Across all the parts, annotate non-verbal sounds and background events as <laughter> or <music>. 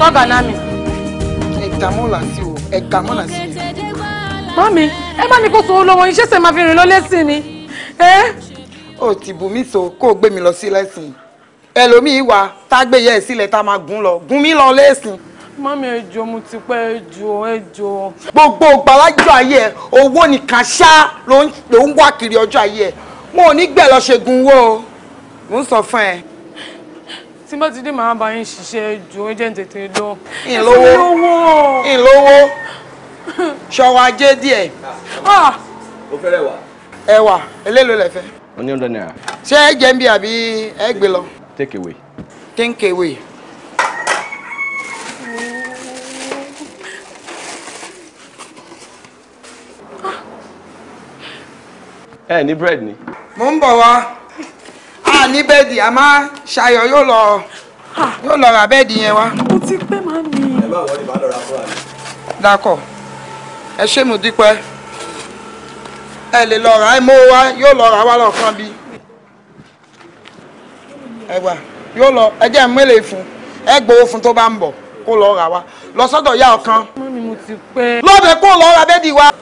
sọ́ọ̀gà náà mi. ẹ̀gà mọ́ là sí o ẹ̀gà mọ́ là sí mi. mami ẹ má ní kó sanwó lọ́wọ́ iṣẹ́ sẹ́ máa fi rìn lọ lẹ́sìn ni. ó ti bù mí so kó o gbé mi lọ sí lẹ́sìn ẹlòmíì wà tá a gbé yẹ ẹ sílẹ̀ tá a máa gún lọ gún mi lọ lẹ́sìn. Mami ẹjọ́ mo ti pẹ́ ẹjọ́ ẹjọ́. Gbogbo ìgbàlájọ́ ayé ẹ̀ owó nìkan ṣá ló ń wá kiri ọjọ́ ayé ẹ̀. Mo ò ní gbẹ̀ lọ ṣe gun wo. Mo ń sọ fún ẹ tí bá ti dé màá bá yín ṣiṣẹ́ ju ẹ jẹ́ ń tètè lọ. ìlówó ìlówó ṣọwọ́ ajé díẹ̀. o ah! fẹ́rẹ̀ wà. ẹ̀wà eléèlò lẹ fẹ́. o ní ọ̀dọ̀ náírà. ṣé ẹ jẹ́ ń bí àbí ẹ gbé lọ. take away. take away. ẹ ní bread ni. mo ń bọ̀ wá. à ní bẹ́ẹ̀dì àmọ́ yóò lọ yóò lọ ra bẹ́ẹ̀dì yẹn wá. mo ti pẹ́ máa ẹ wọlé lọ ra fúra dakọ ẹ mo dúpẹ́ ẹ lè lọ rà lọ lọ fún ẹ wà yóò lọ ẹ jẹ́ mẹ́lẹ̀ fún ẹ gbowó fún tó bá ń bọ̀ kó lọ lọ sọ́dọ̀ ya ọ̀kan. lọ ra bẹ́ẹ̀dì wa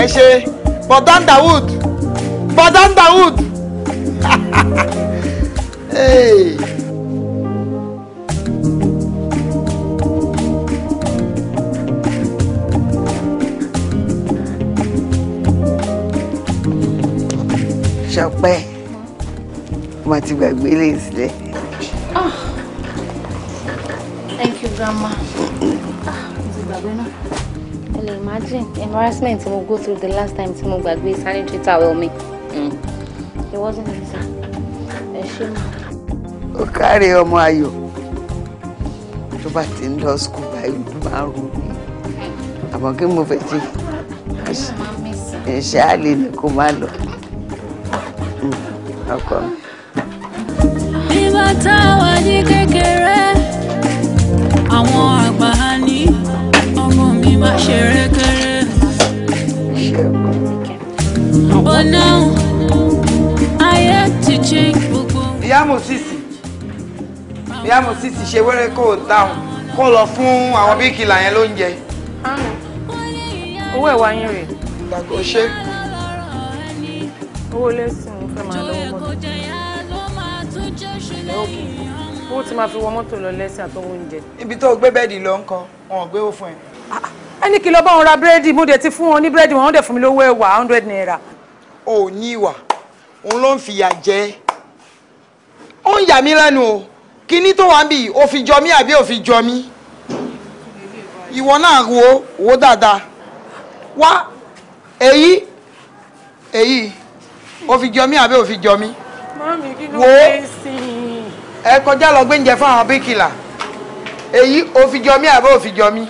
ẹ ṣe bọ̀dá Underwood bọ̀dá Underwood <laughs> hey. ṣọpẹ́ mo ti gbàgbé lè sílẹ̀. Ah. thank you grandma. Ah, mo ti gbàgbé ẹ lè imagine embarrassment mo go through the last time tí mo gbàgbé sanitary towel mi hmm. it wasn't easy ẹ ṣe mọ. ó káre ọmọ ayọ̀ tó bá ti ń lọ skul báyìí ló máa ń ro mi àmọ́ kí mo fẹ́ ṣe ẹ̀ṣẹ́ àlè ni kò má lọ hmm, ọkọ mi. ìbátan wà ní kékeré. má ṣe But now, ayé ti change gbogbo. Ìyá Mosisi, Ìyá Mosisi ṣe wẹ́rẹ́ kó o dáhùn kó lọ fún àwọn bíkìlà yẹn lóúnjẹ. Owó ẹ̀wà yín rèé. Ìgbàgbọ́ ṣé. Owó lẹ́sìn mo fẹ́ máa lọ́wọ́ mọ́tò. Owó ti máa fi wọ mọ́tò lọ lẹ́sìn àtọwọ́ oúnjẹ. Ibi tó o gbé bẹ́ẹ̀dì lọ ń kọ, wọn ò gbé ó fún ẹ ẹni kí lọ bá wọn ra búrẹ́dì mo dẹ̀ ti fún wọn ní búrẹ́dì wọn dẹ̀ fún mi lówó ẹ̀wà hundred naira. o ò ní ìwà òun ló ń fìyà jẹ ó ń yà mí lẹ́nu o kíní tó wà ń bì ó fi jọ mí àbí ó fi jọ mí ìwọ náà wo wo dáadáa wá èyí èyí ó fi jọ mí àbí ó fi jọ mí wo ẹ kọjá lọ gbé oúnjẹ fún àwọn bíkìlà èyí ó fi jọ mí àbí ó fi jọ mí.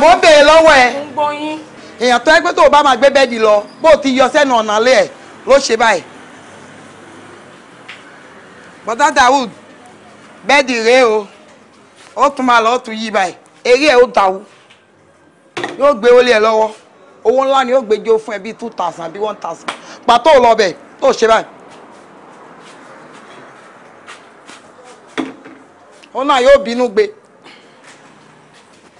mo ń bèèrè lọ́wọ́ ẹ èèyàn tó ẹgbẹ́ tó o bá máa gbé bẹ́ẹ̀dì lọ bó o ti yọ sẹ́nu ọ̀nà alẹ́ ẹ̀ ló ṣe báyìí bọ́dá Daoud bẹ́ẹ̀dì rèé o ó tún máa lọ ó tún yí báyìí eré ẹ̀ ó dàwó yóò gbé wọlé ẹ lọ́wọ́ owó ńlá ni yóò gbé jó fún ẹ bíi two thousand bíi one thousand pàtó lọ bẹ̀ tó ṣe báyìí. ó náà yóò bínú gbé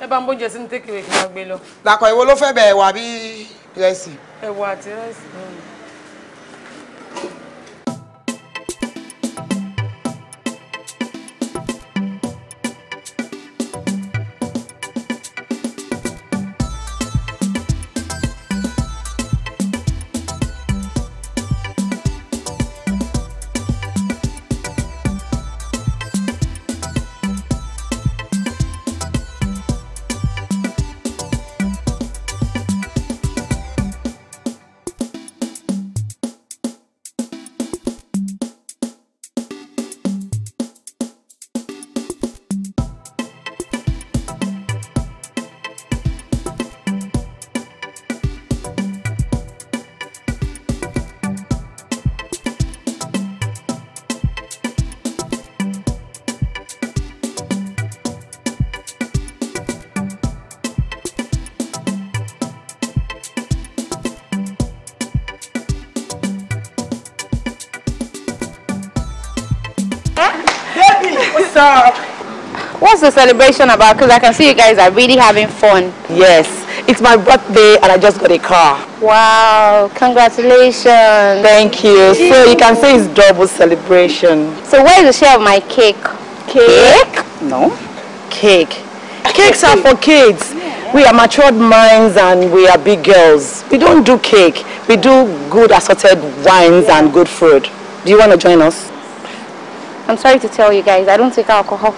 ẹ bá ń bóúnjẹ sínú tékèwé kí wọ́n gbé lọ. làkọ̀ ìwo ló fẹ́ bẹ̀ ẹ̀wà bí rẹsì. ẹ̀wà àti rẹsì. How's the celebration about? Because I can see you guys are really having fun. Yes. It's my birthday and I just got a car. Wow, congratulations. Thank you. So you can say it's double celebration. So where is the share of my cake? Cake? cake? No. Cake. Cakes are for kids. We are matured minds and we are big girls. We don't do cake. We do good assorted wines and good food. Do you want to join us? I'm sorry to tell you guys, I don't take alcohol.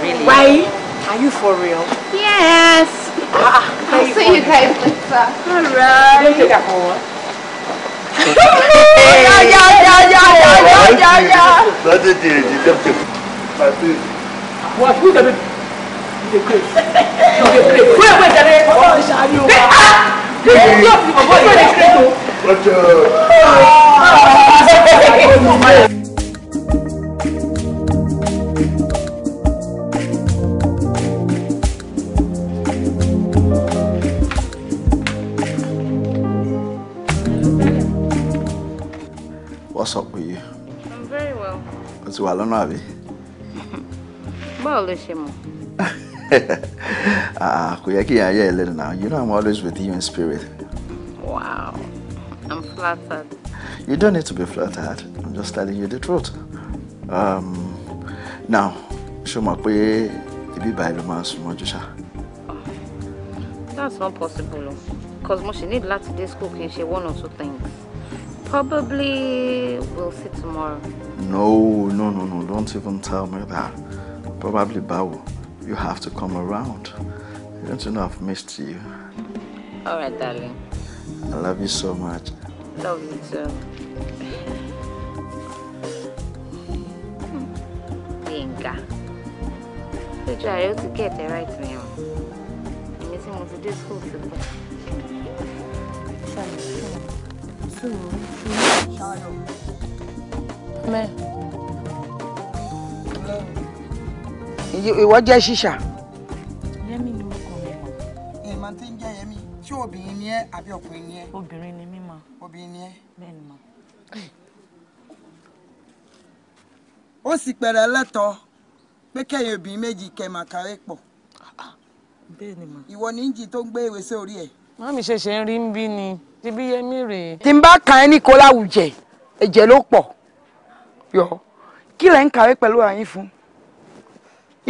Really? Why? Are you for real? Yes. Ah, I'll see you guys later. All right. You do that home. yeah, yeah, yeah, yeah, yeah, yeah, yeah, yeah. That's it, dear. You come to my food. What? Who's the the crate? No, the crate. Where was the crate? What is that? You are. This is not the crate. What? Oh. ti wà lọ́nà àbí. báwo ló ṣe mọ̀. <laughs> Ah, ah, kò yẹ kí ìyá yẹ ẹ lẹ́nu náà you know I'm always with you in spirit. wow I'm flattered. you don't need to be flattered I'm just telling you the truth. Um, now ṣé o mọ̀ pé ibi báyìí ló máa ń sùn mọ́jú ṣá. that's not possible o cause mo ṣì need láti dé school kí n ṣe one or two things. Probably we'll see tomorrow. No, no, no, no. Don't even tell me that. Probably Bao, You have to come around. You don't know I've missed you. All right, darling. I love you so much. Love you too. Yinka. Ojú ààrẹ to get the right now. Èmi tí mo ti dé ìwọ jẹ́ ṣíṣà. yẹ́mí ni mo kàn mí mọ̀. èèmọ̀ tí ń jẹ́ yẹ́mí ṣé obìnrin ni ẹ́ àbí ọkùnrin ni ẹ́. obìnrin ni mímọ. obìnrin ni ẹ́. bẹ́ẹ̀ ni mọ. ó sì pẹ̀rẹ̀ lẹ́tọ̀ọ́ pé kẹ́yìn obìnrin méjì kẹ́mà kárẹ́ pọ̀. Ah, ah. bẹ́ẹ̀ ni mọ. ìwọ ni ń jì tó ń gbé ìwé sórí ẹ̀. mọ́mí ṣẹ̀ṣẹ̀ ń rí ń bí ni ti bí yẹmí rèé. tí n bá kan ẹ́ ní kó láwùjẹ ẹ̀jẹ̀ ló pọ̀ yọ kí lẹ̀ ń kàwé pẹ̀lú àyín fún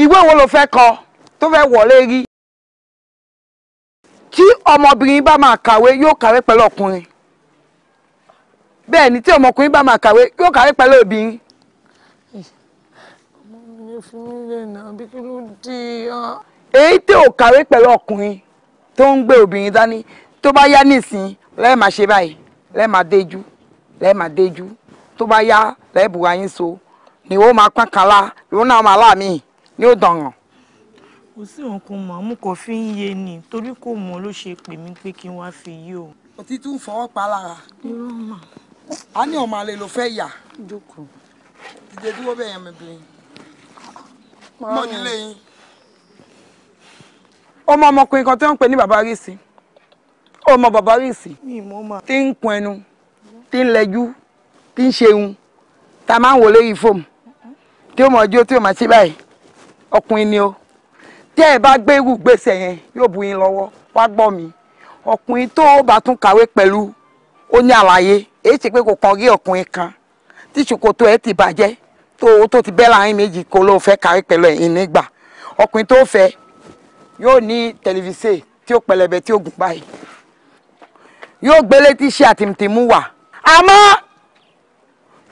ìwé wo ló fẹ́ kọ tó fẹ́ wọlé rí tí ọmọbìnrin bá máa kàwé yóò kàwé pẹ̀lú ọkùnrin bẹ́ẹ̀ tí ọmọkùnrin bá máa kàwé yóò kàwé pẹ̀lú obìnrin. èyí tí ò kàwé pẹ̀lú ọkùnrin tó ń gbé obìnrin dání tó bá yá nísìnyí lẹ́ẹ̀ máa ṣe báyìí lẹ́ẹ̀ máa déjú tó bá yá lẹ́ẹ̀ bùra so ni ó máa pọ́n kan lá náà máa láàmì ní ó dọ̀ràn. kò sí nǹkan àmú kò fi ń yé ni torí kò mọ̀ ló ṣe pè mí pé kí n wá fi yí o. òtí tún fọwọ́ pa lára. ní ọmọ ló fẹ́ yà. jókòó. ìdè dúró bẹ́ẹ̀ yẹn ń pè ní bàbá rí ọmọ bàbá rìsì tí ń kun ẹnu tí ń lẹ́jú tí ń ṣeun tá a máa ń wò lórí fóòmù tí ó mọ̀ ọjọ́ tí ó máa ṣe báyìí ọkùnrin ni o tí ẹ bá gbé irú gbèsè yẹn yóò bu yín lọ́wọ́ wá gbọ́ mi ọkùnrin tó bá tún kàwé pẹ̀lú ó ní àlàyé èyí ṣe pé kò kàn rí ọkùnrin kan tí ṣòkòtò ẹ ti bàjẹ́ tó tó ti bẹ́ láàrin méjì kó ló fẹ́ kàwé pẹ̀lú ẹ̀yìn nígbà ọkùnrin tó fẹ́ yóò ní tẹlifíṣẹ̀ tí ó pẹlẹbẹ tí ó gùn báyìí yóò gbélé tí ṣe àtìmùtìmù wà àmọ́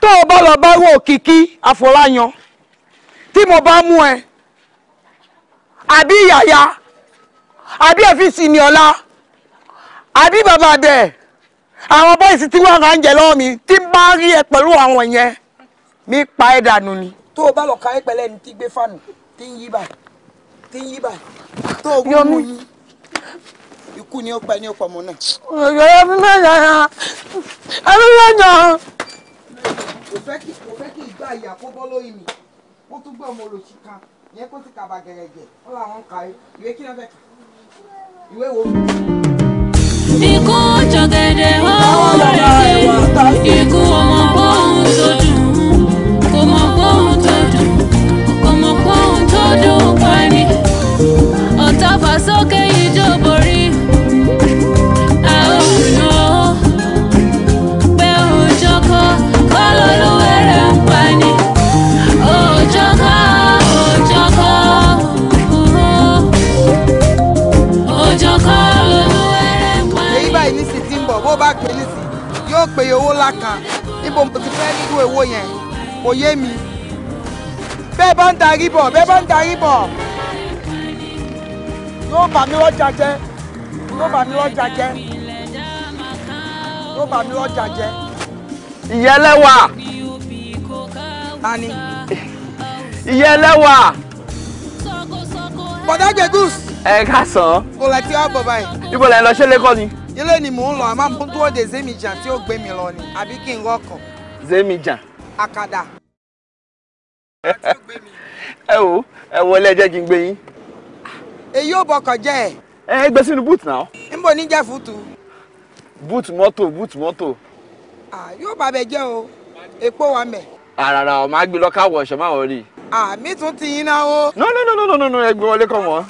tó o bá lọ bá wò kìkì àfọláyan tí mo bá mú ẹ àbí yàyà àbí ẹ̀fíìsì ní ọ̀la àbí bàbá abẹ àwọn bọ́ìsì tí wọ́n rà ń jẹ lọ́wọ́ mi tí ń bá rí ẹ pẹ̀lú àwọn yẹn mi pa ẹ dànù ni. tó o bá lọ kárí pẹ̀lẹ́ ni tí gbé fàánù tí ń yí báyìí tí ń yí báyìí tó o gbé mú yí kú ni ó pa ẹni ó pa ọmọ náà. ọ̀yọ́ ẹbí mẹ́jọ ya ẹbí mẹ́jọ. kò fẹ́ kí kò fẹ́ kí ìgbà ìyá kó bọ́ lórí mi wọ́n tún gbé ọmọ olóṣù kan yẹn kó ti kàbà gẹ̀rẹ̀gẹ̀ ó làwọn kà í ìwé kí ló fẹ́ kà ìwé wo. ikú jọ̀gẹ̀dẹ̀ ó rẹ̀ ṣe ikú ọmọ bọ́ọ̀n tó dùn kò mọ̀ tó dùn kò mọ̀ tó dùn pa ni ọ̀tá fà sókè. bá pè nísìn yóò pè owó ńlá kan níbo mo ti fẹ́ nínú owó yẹn kò yé mi bẹ́ẹ̀ bá ń darí bọ̀ bẹ́ẹ̀ bá ń darí bọ̀ yóò bà mí lọ́jà jẹ́ yóò bà mí lọ́jà jẹ́ yóò bà mí lọ́jà jẹ́. ìyá ẹlẹ́wà. ta ni. ìyá bọ̀dá jẹ goose. ẹ sàn. kò lè ti wá bọ̀ báyìí. ibo lẹ lọ ṣe lẹkọ ni. ilé ni mò ń lọ àmọ́ mo dúró de zemijan tí ó gbé mi lọ ni àbí kí n rọkàn. zemijan. akada. <laughs> ẹ wo ẹ wọlé ẹ jẹ́ kí n gbé yín. èyí ò bọkàn jẹ́ ẹ. ẹ gbé sínú búùtù náà. níbo ní jẹ́ fùtù. búùtù mọ́tò búùtù mọ́tò. yóò bá bẹ jẹ́ o epo wa mẹ́. àràrà ọ̀ máa gbé lọ́ka wọ̀ ọ̀ṣọ́ máa wọ̀ rí. àmì tún ti yín náà o. no no no no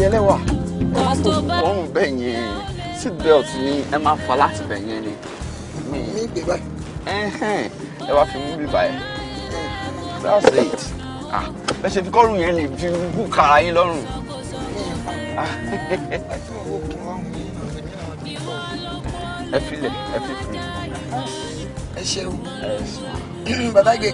ẹ̀yin ẹlẹ́wà wọ́n ń yẹn seat ni ẹ máa fa láti bẹ̀ yẹn ni. mi gbé báyìí. ẹ wá fi mú bí báyìí that's it ah, bẹ́ẹ̀ ṣe fi kọ́rùn yẹn lè fi bú kàrà yín lọ́rùn. ẹ filẹ̀ ẹ fi fi. ẹ ṣeun bàbá gègé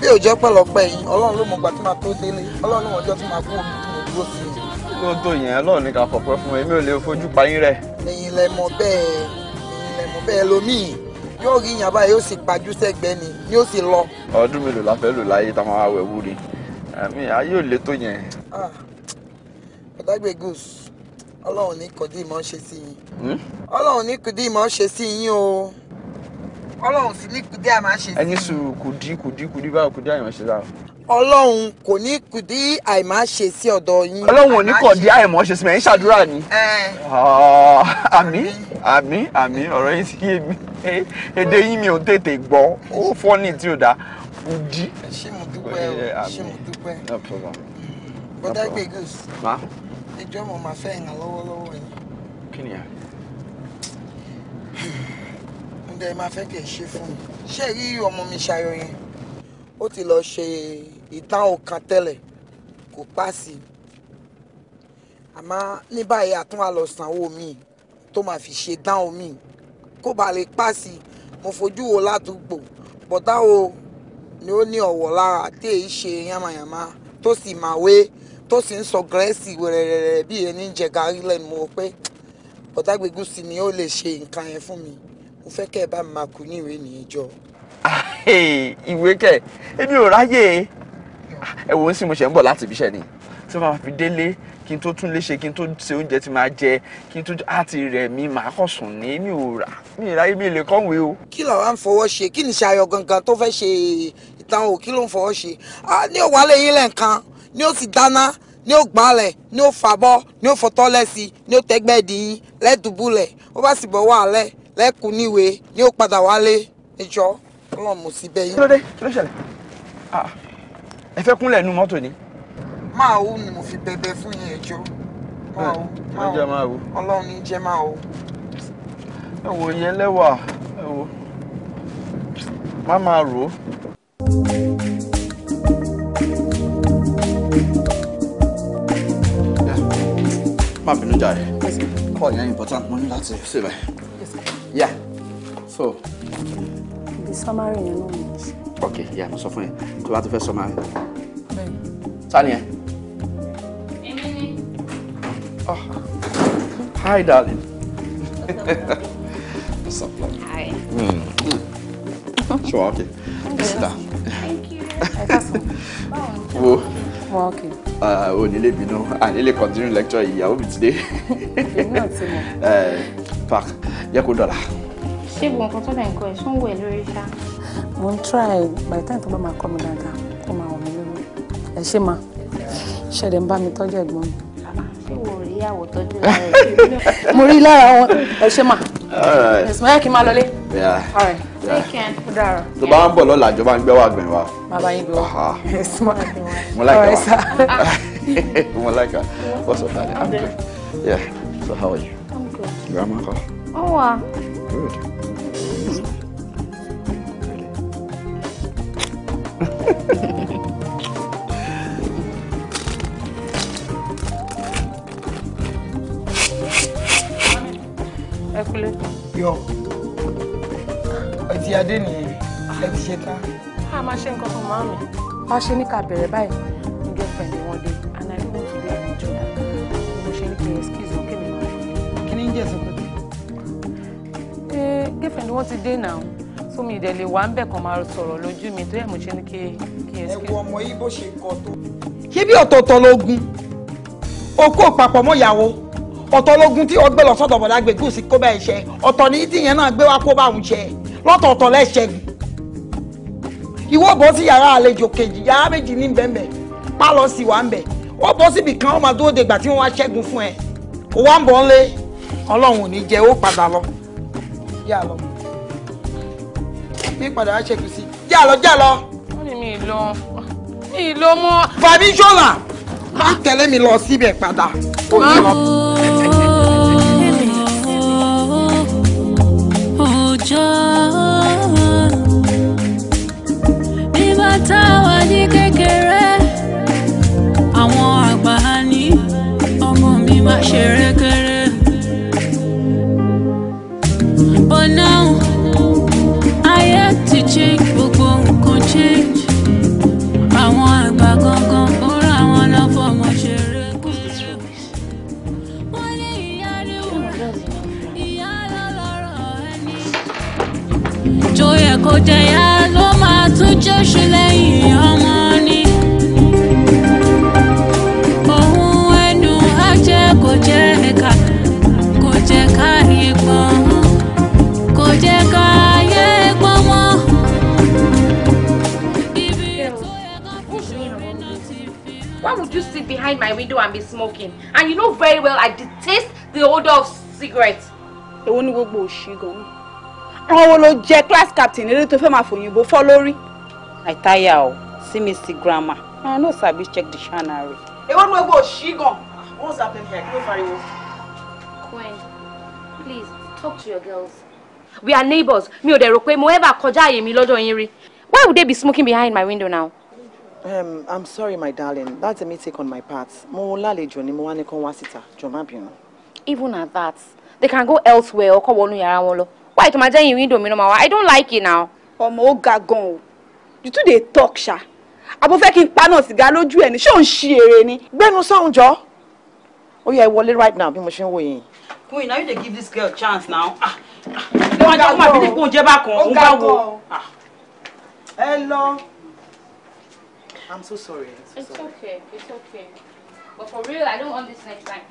bí òjò pẹ̀lọ́pẹ̀ yìí ọlọ́run ló mọ̀ gbà tí màá tó délé ọlọ́run ló mọ̀ ọjọ́ tí màá kú omi tó mọ̀ dúró sí i tó tó yẹn Ọlọ́run ní ká fọpẹ́ fún mi mi ò lè fojú pa yín rẹ. ẹ̀yin lẹ mọ̀ bẹ́ẹ̀ ẹ̀yin lẹ mọ̀ bẹ́ẹ̀ lómìn yóò rí yàn báyìí yóò sì pajú sẹ́gbẹ́ ni yóò sì lọ. ọdún mélòó la fẹ́ lò láyé táwọn awẹ̀ wú ni àmì ayé ò lè tó yẹn. Ah, ọ̀dàgbé goose Ọlọ́run ní kò dí ìmọ̀ ṣe sí yín. Hmm? Ọlọ́run ní kò dí ìmọ̀ ṣe sí yín o Ọlọ́run sì ní kùdí àmà ṣe sí yín. ẹni sùn kùdí kùdí kùdí báwo kùdí àyàn ṣe dáa ọlọ́run kò ní kùdí àìmá ṣe sí ọ̀dọ̀ yín. ọlọ́run ò ní kọ̀ dí àìmọ́ ṣe sí mẹ́rin ṣàdúrà ni. Ah, àmín àmín àmín ọ̀rọ̀ yín sí kí èmi èdè yín mi ò tètè gbọ́ ó fọ́nì tí ò dáa kù dí. ṣé mo dúpẹ́ o ṣé mo dúpẹ́. bọ́dá mm. gbẹ̀gùs ẹjọ́ mo máa fẹ́ ìràn lọ́wọ́lọ́wọ́ yìí. kí ni à? ǹdẹ̀ máa fẹ́ kẹ̀ ṣe fún mi ṣé èyí ọmọ mi ṣayọ yẹn ó ti lọ ṣe ìdáhùn kan tẹ́lẹ̀ kò páàsì àmọ́ ní báyìí àtúnwà lọ mi tó máa fi ṣe dáhùn mi kó bàa lè páàsì mo fojú wo ládùúgbò bọ̀dá ni ó ní ọ̀wọ̀ lára tí èyí ṣe yánmayànmá tó sì màwé tó sì ń sọ gẹ̀ẹ́sì wẹ̀rẹ̀rẹ̀rẹ̀ bí ẹni ń jẹ gàrí lẹ́nu mo pé bọ̀dá Gbégúsí ni ó lè ṣe nǹkan yẹn fún mi mo fẹ́ kẹ́ ẹ bá mi máa kú ní ìwé nìyẹn jọ. Ah, ìwé kẹ èmi ò ráyè ẹ wo ń sìn mo ṣe ń bọ̀ láti ibiṣẹ́ ni tí wọ́n fi délé kí n tó tún léṣe kí n tó ṣe oúnjẹ tí máa jẹ kí n tó àti rẹ̀ mi màá kọ̀ sùn ní mi ò rà mi ì ráyé mi lè kọ́wé o. kí làwa ń fọwọ́ ṣe kí ni ṣayọ gangan tó fẹ́ ṣe ìtàn o kí ló ń fọwọ́ ṣe ní ó wálé yín lẹ́ǹkan ní ó sì dáná ní ó gbálẹ̀ ní ó fàbọ́ ní ó fọtọ́ lẹ́sí ní ó tẹ́gbẹ́ dì lẹ́dùbúlẹ̀ ó bá sì bọ̀ wá alẹ́ lẹ́kùn níwèé ní ó padà wálé ẹjọ́ ọlọ́run mo sì bẹ̀ yín. kí ló dé kí ló ṣẹlẹ̀ ẹ fẹ́ kúnlẹ̀ nu mọ́tò ni. máa wo ni mo fi bẹ̀bẹ̀ fún yín ẹjọ́ máa wo eh, máa wo ọlọ́run ní jẹ́ máa wo. ẹ wo yẹn lẹ́wà ẹ wo má máa rò ó. má bínú jàre call yẹn important mo ní láti ṣe báyìí. yeah so. the summary yẹn náà ni. ok yeah mo sọ fún yẹn tó bá ti fẹ́ summary. Tani ẹ. Èmi ni. hi darling. Hi. Mm. okay. Thank you. Wo. Mo okay. Ah, o nílé bínú. Ah, nílé continue lecture ìyàwó mi today. Èmi náà ti mọ̀. <laughs> Eh, ẹ Park, yẹ kó dọ̀la ẹ ṣe máa ṣẹ̀dẹ̀ ń bá mi tọ́jú ẹ̀gbọ́n mi. <laughs> mo rí lára wọn ẹ ṣe máa ẹ̀sìn mẹ́rin kí n máa lọlé. tó bá ń bọ̀ lọ́la àjọba ń gbẹ́ wà gbẹ̀yìn wa. bàbá yín gbé wa ẹ̀sìn máa gbé wa. mo láìka wa <laughs> mo láìka what's up daddy i'm good yeah so how are you. i'm good. grandma kọ. ó wà. good. Mm <laughs> -hmm. Kúnlé. Yọ, ọtí adé nìyẹn, ẹ ti ṣe tán. A máa ṣe nǹkan fún màámi. Wá ṣe ní ká bẹ̀rẹ̀ báyìí, ní girlfriend wọn dé, and I don't want to be an intruder. Mo ṣe ní pé excuse wọn kémi máa fi. Kí ni ń jẹ́ sọ́kòtò? Ee, girlfriend wọn ti dé náà fún mi ìdẹ̀lẹ̀ wà ń bẹ̀ kan máa sọ̀rọ̀ lójú mi tó yẹ mo ṣe ní kí kí ẹ. Ẹ wo ọmọ yìí bó ṣe kọ tó. Ṣé bí ọ̀tọ̀ọ̀tọ̀ lógun? Okó ọ̀tọ̀ ológun tí wọ́n gbé lọ sọ́dọ̀ bọ̀dá gbé gúúsì kó bẹ́ẹ̀ ṣe ọ̀tọ̀ ní tìyẹn náà gbé wá kó bá òun ṣe lọ́tọ̀ọ̀tọ̀ lẹ́ṣẹ̀ ìwọ bọ́ sí yàrá àlejò kejì yàrá méjì ní bẹ́ẹ̀ pálọ̀ sí wà ń bẹ̀ wọ́n bọ́ síbi kan wọ́n máa dúró de ìgbà tí wọ́n wá ṣẹ́gun fún ẹ kó wá ń bọ̀ ń lé ọlọ́run ò ní jẹ́ ó padà lọ yà lọ mi padà wá ṣẹ́gun sí yà lọ má tẹ̀lé mi lọ síbẹ̀ padà. òjò bí bàtà wà ní kékeré àwọn àgbà ní ọmọ mi má ṣe rékè. Why would you sit behind my window and be smoking? And you know very well I detest the odor of cigarettes. Èwo ni gbogbo òṣì gan ọ̀rọ̀ wo ló jẹ́ class captain eré tó fẹ́ máa fòyìnbó fọ́ lórí. àìtáyà o see me see grammar i ah, no sabi check dictionary. èwo ni gbogbo òṣì gan wọn sàbẹ̀ fẹ̀ kí fariwo. Queen, please talk to your girls. we are neighbors mi ò dẹ̀ rò pé mo ever kọjá àyè mi lọ́dọ̀ yín rí why would they be smoking behind my window now. Um, I'm sorry, my darling. That's a mistake on my part. Mo lálejò ni mo wá ní kán wá síta. Jọ̀ọ́ má bínú. Even at that, they can go elsewhere or kọ́ wọnú yàrá wọn lọ wá ètò máa window mi náà máa wá i don't like it now. ọmọ ó ga gan o you too dey talk ṣá àbò fẹ́ kí n paná sìgá lójú ẹ̀ ní ṣé òun ṣe eré ni. gbẹ́nu sọ̀hún jọ ó yẹ wọlé right now bí mo ṣe ń wò yín. queen na you dey give this girl chance now. ló ah, ah. wá jẹ́ kó máa bí nípò oúnjẹ bá kan òun bá wo. Ah. ẹ lọ. i'm so sorry. I'm so sorry. it's okay it's okay but for real i don't want this next time.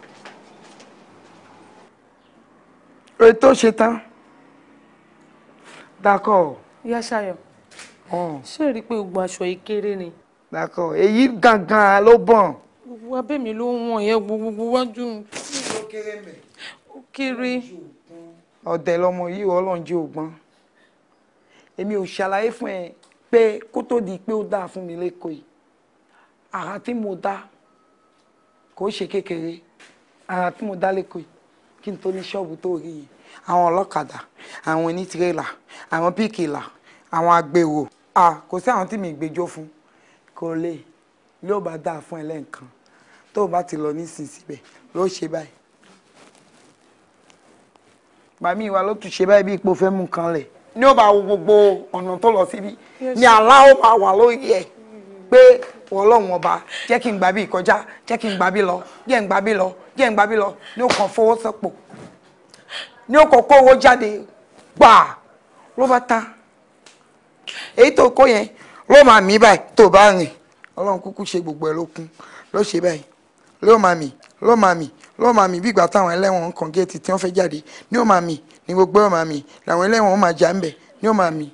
ètò ṣe tán dákọ̀. ìyá ṣayọ ṣé rí i pé gbogbo aṣọ yìí kéré ni. dákọ̀ èyí gangan ló bọ̀n. gbogbo abẹ́mi ló ń wọ̀n yẹn gbogbo wájú. ó kéré mẹ́. kéré. ọ̀dẹ̀ lọmọ yìí ọlọ́run jẹ́ ògbọ́n èmi ò ṣàlàyé fún ẹ pé kó tó di pé ó dáa fún mi lẹ́kọ̀ọ́ yìí àrà tí mo dá kò ṣe kékeré àrà tí mo dá lẹ́kọ̀ọ́ yìí kí n tó ní ṣọ́ọ̀bù tó rí yìí àwọn ọlọ́kadà àwọn onítìrẹ́là àwọn píkìlà àwọn agbèrò à kò sí àwọn tí mi gbẹjọ́ fún kò lè yóò bá dáa fún ẹ lẹ́ǹkan tó o bá ti lọ nísinsìnyí ló ṣe báyìí bàmí ìwà ló tún ṣe báyìí bí ipò fẹ́ mú kan lẹ̀ ní ó bá wo gbogbo ọ̀nà tó lọ síbi ni àlá ó máa wà lórí ẹ̀ pé ọlọ́run ọba jẹ́ kí n gbà bí ìkọjá jẹ́ kí n gbà bí lọ jẹ́ n gbà bí lọ jẹ́ n gbà bí lọ ní ó kàn fọwọ́sọ̀pọ̀ ní ó kọ́ kó owó jáde gbà ló bá ta èyí tó kó yẹn ló máa mí báyìí tó bá rìn ọlọ́run kúkú ṣe gbogbo ẹ̀ lókun ló ṣe báyìí ló máa mì ló máa mì ló máa mì bí ìgbà táwọn ẹlẹ́wọ̀n ń kàn géètì tí wọ́n fẹ́ jáde ní ó máa mì ní gbogbo ó máa mì làwọn ẹlẹ́wọ̀n máa jà ń bẹ̀ ní ó máa mì.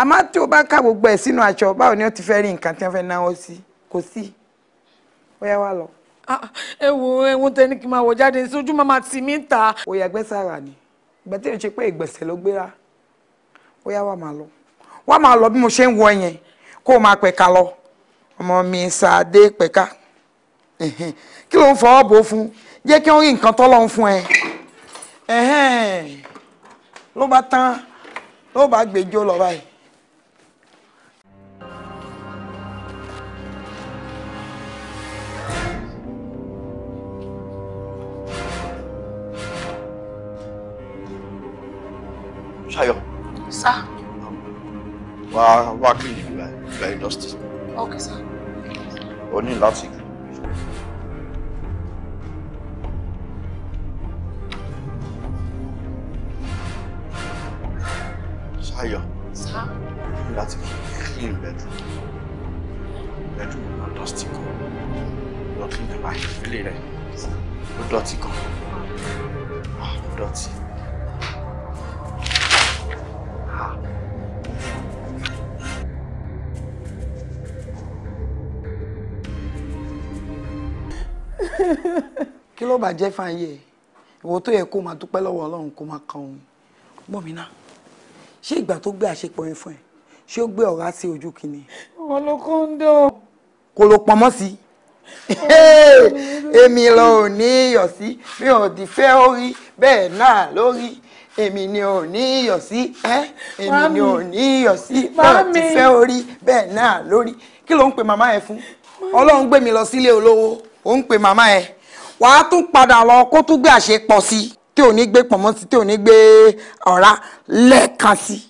àmọ́ tí o bá ká gbogbo ẹ̀ sínú aṣọ báwo ni ó ti fẹ́ rí nǹkan tí wọ́n fẹ́ náwó sí kò sí ó yá wá lọ. Ah, wo ẹwọn tẹni kí n máa wọ jáde sí ojú mama tì mí ta. òyà gbẹ́sàrà ni ìgbà tí èèyàn ṣe pé ìgbẹ̀sẹ̀ ló gbéra ó yá wà máa lọ wà máa lọ bí mo ṣe ń wọ yẹn kó o máa pẹ̀ka lọ ọmọ mi ṣàdé pẹ̀ka kí ló ń fọwọ́ bò fún jẹ́ kí wọ́n rí nǹkan tọ́lọ́ fún ẹ ló bá tán ló bá gbèjó lọ báyìí. Ṣayọ̀. Sá. Wá wá clinic rẹ̀ very dusty. Ok sá. O ní láti. Ṣayọ̀. Sá. O ní láti clean bedroom. Bedroom náà dusty kan. Lọ clean the life ilé rẹ̀. Ó dọ̀tí kan. Ó dọ̀tí. <laughs> kí ló bàjẹ́ fàáyé ẹ̀ ìwọ tó yẹ kó máa dúpẹ́ lọ́wọ́ ọlọ́run kó máa kan òun gbọ́ mi ná ṣé ìgbà tó gbé àṣepọ̀ yẹn fún ẹ ṣé ó gbé ọ̀rá sí ojú kìíní. wọn ló kó ń dán. kò ló pọnmọ́ sí i èmi lọ ò ní iyọ̀ sí mi ò dì fẹ́ orí bẹ́ẹ̀ náà lórí èmi ni ò ní iyọ̀ sí ẹ́ èmi ni ò ní iyọ̀ sí mi ò dì fẹ́ orí bẹ́ẹ̀ náà lórí kí ló ń pe màmá yẹn fún ọlọ́run gbé mi lọ sílé olówó ò ń pe màmá ẹ wàá tún padà lọ kó tún gbé àṣepọ̀ sí i tí ò ní gbé pọ̀nmọ́ sí tí ò ní gbé ọ̀rá lẹ́ẹ̀kan sí i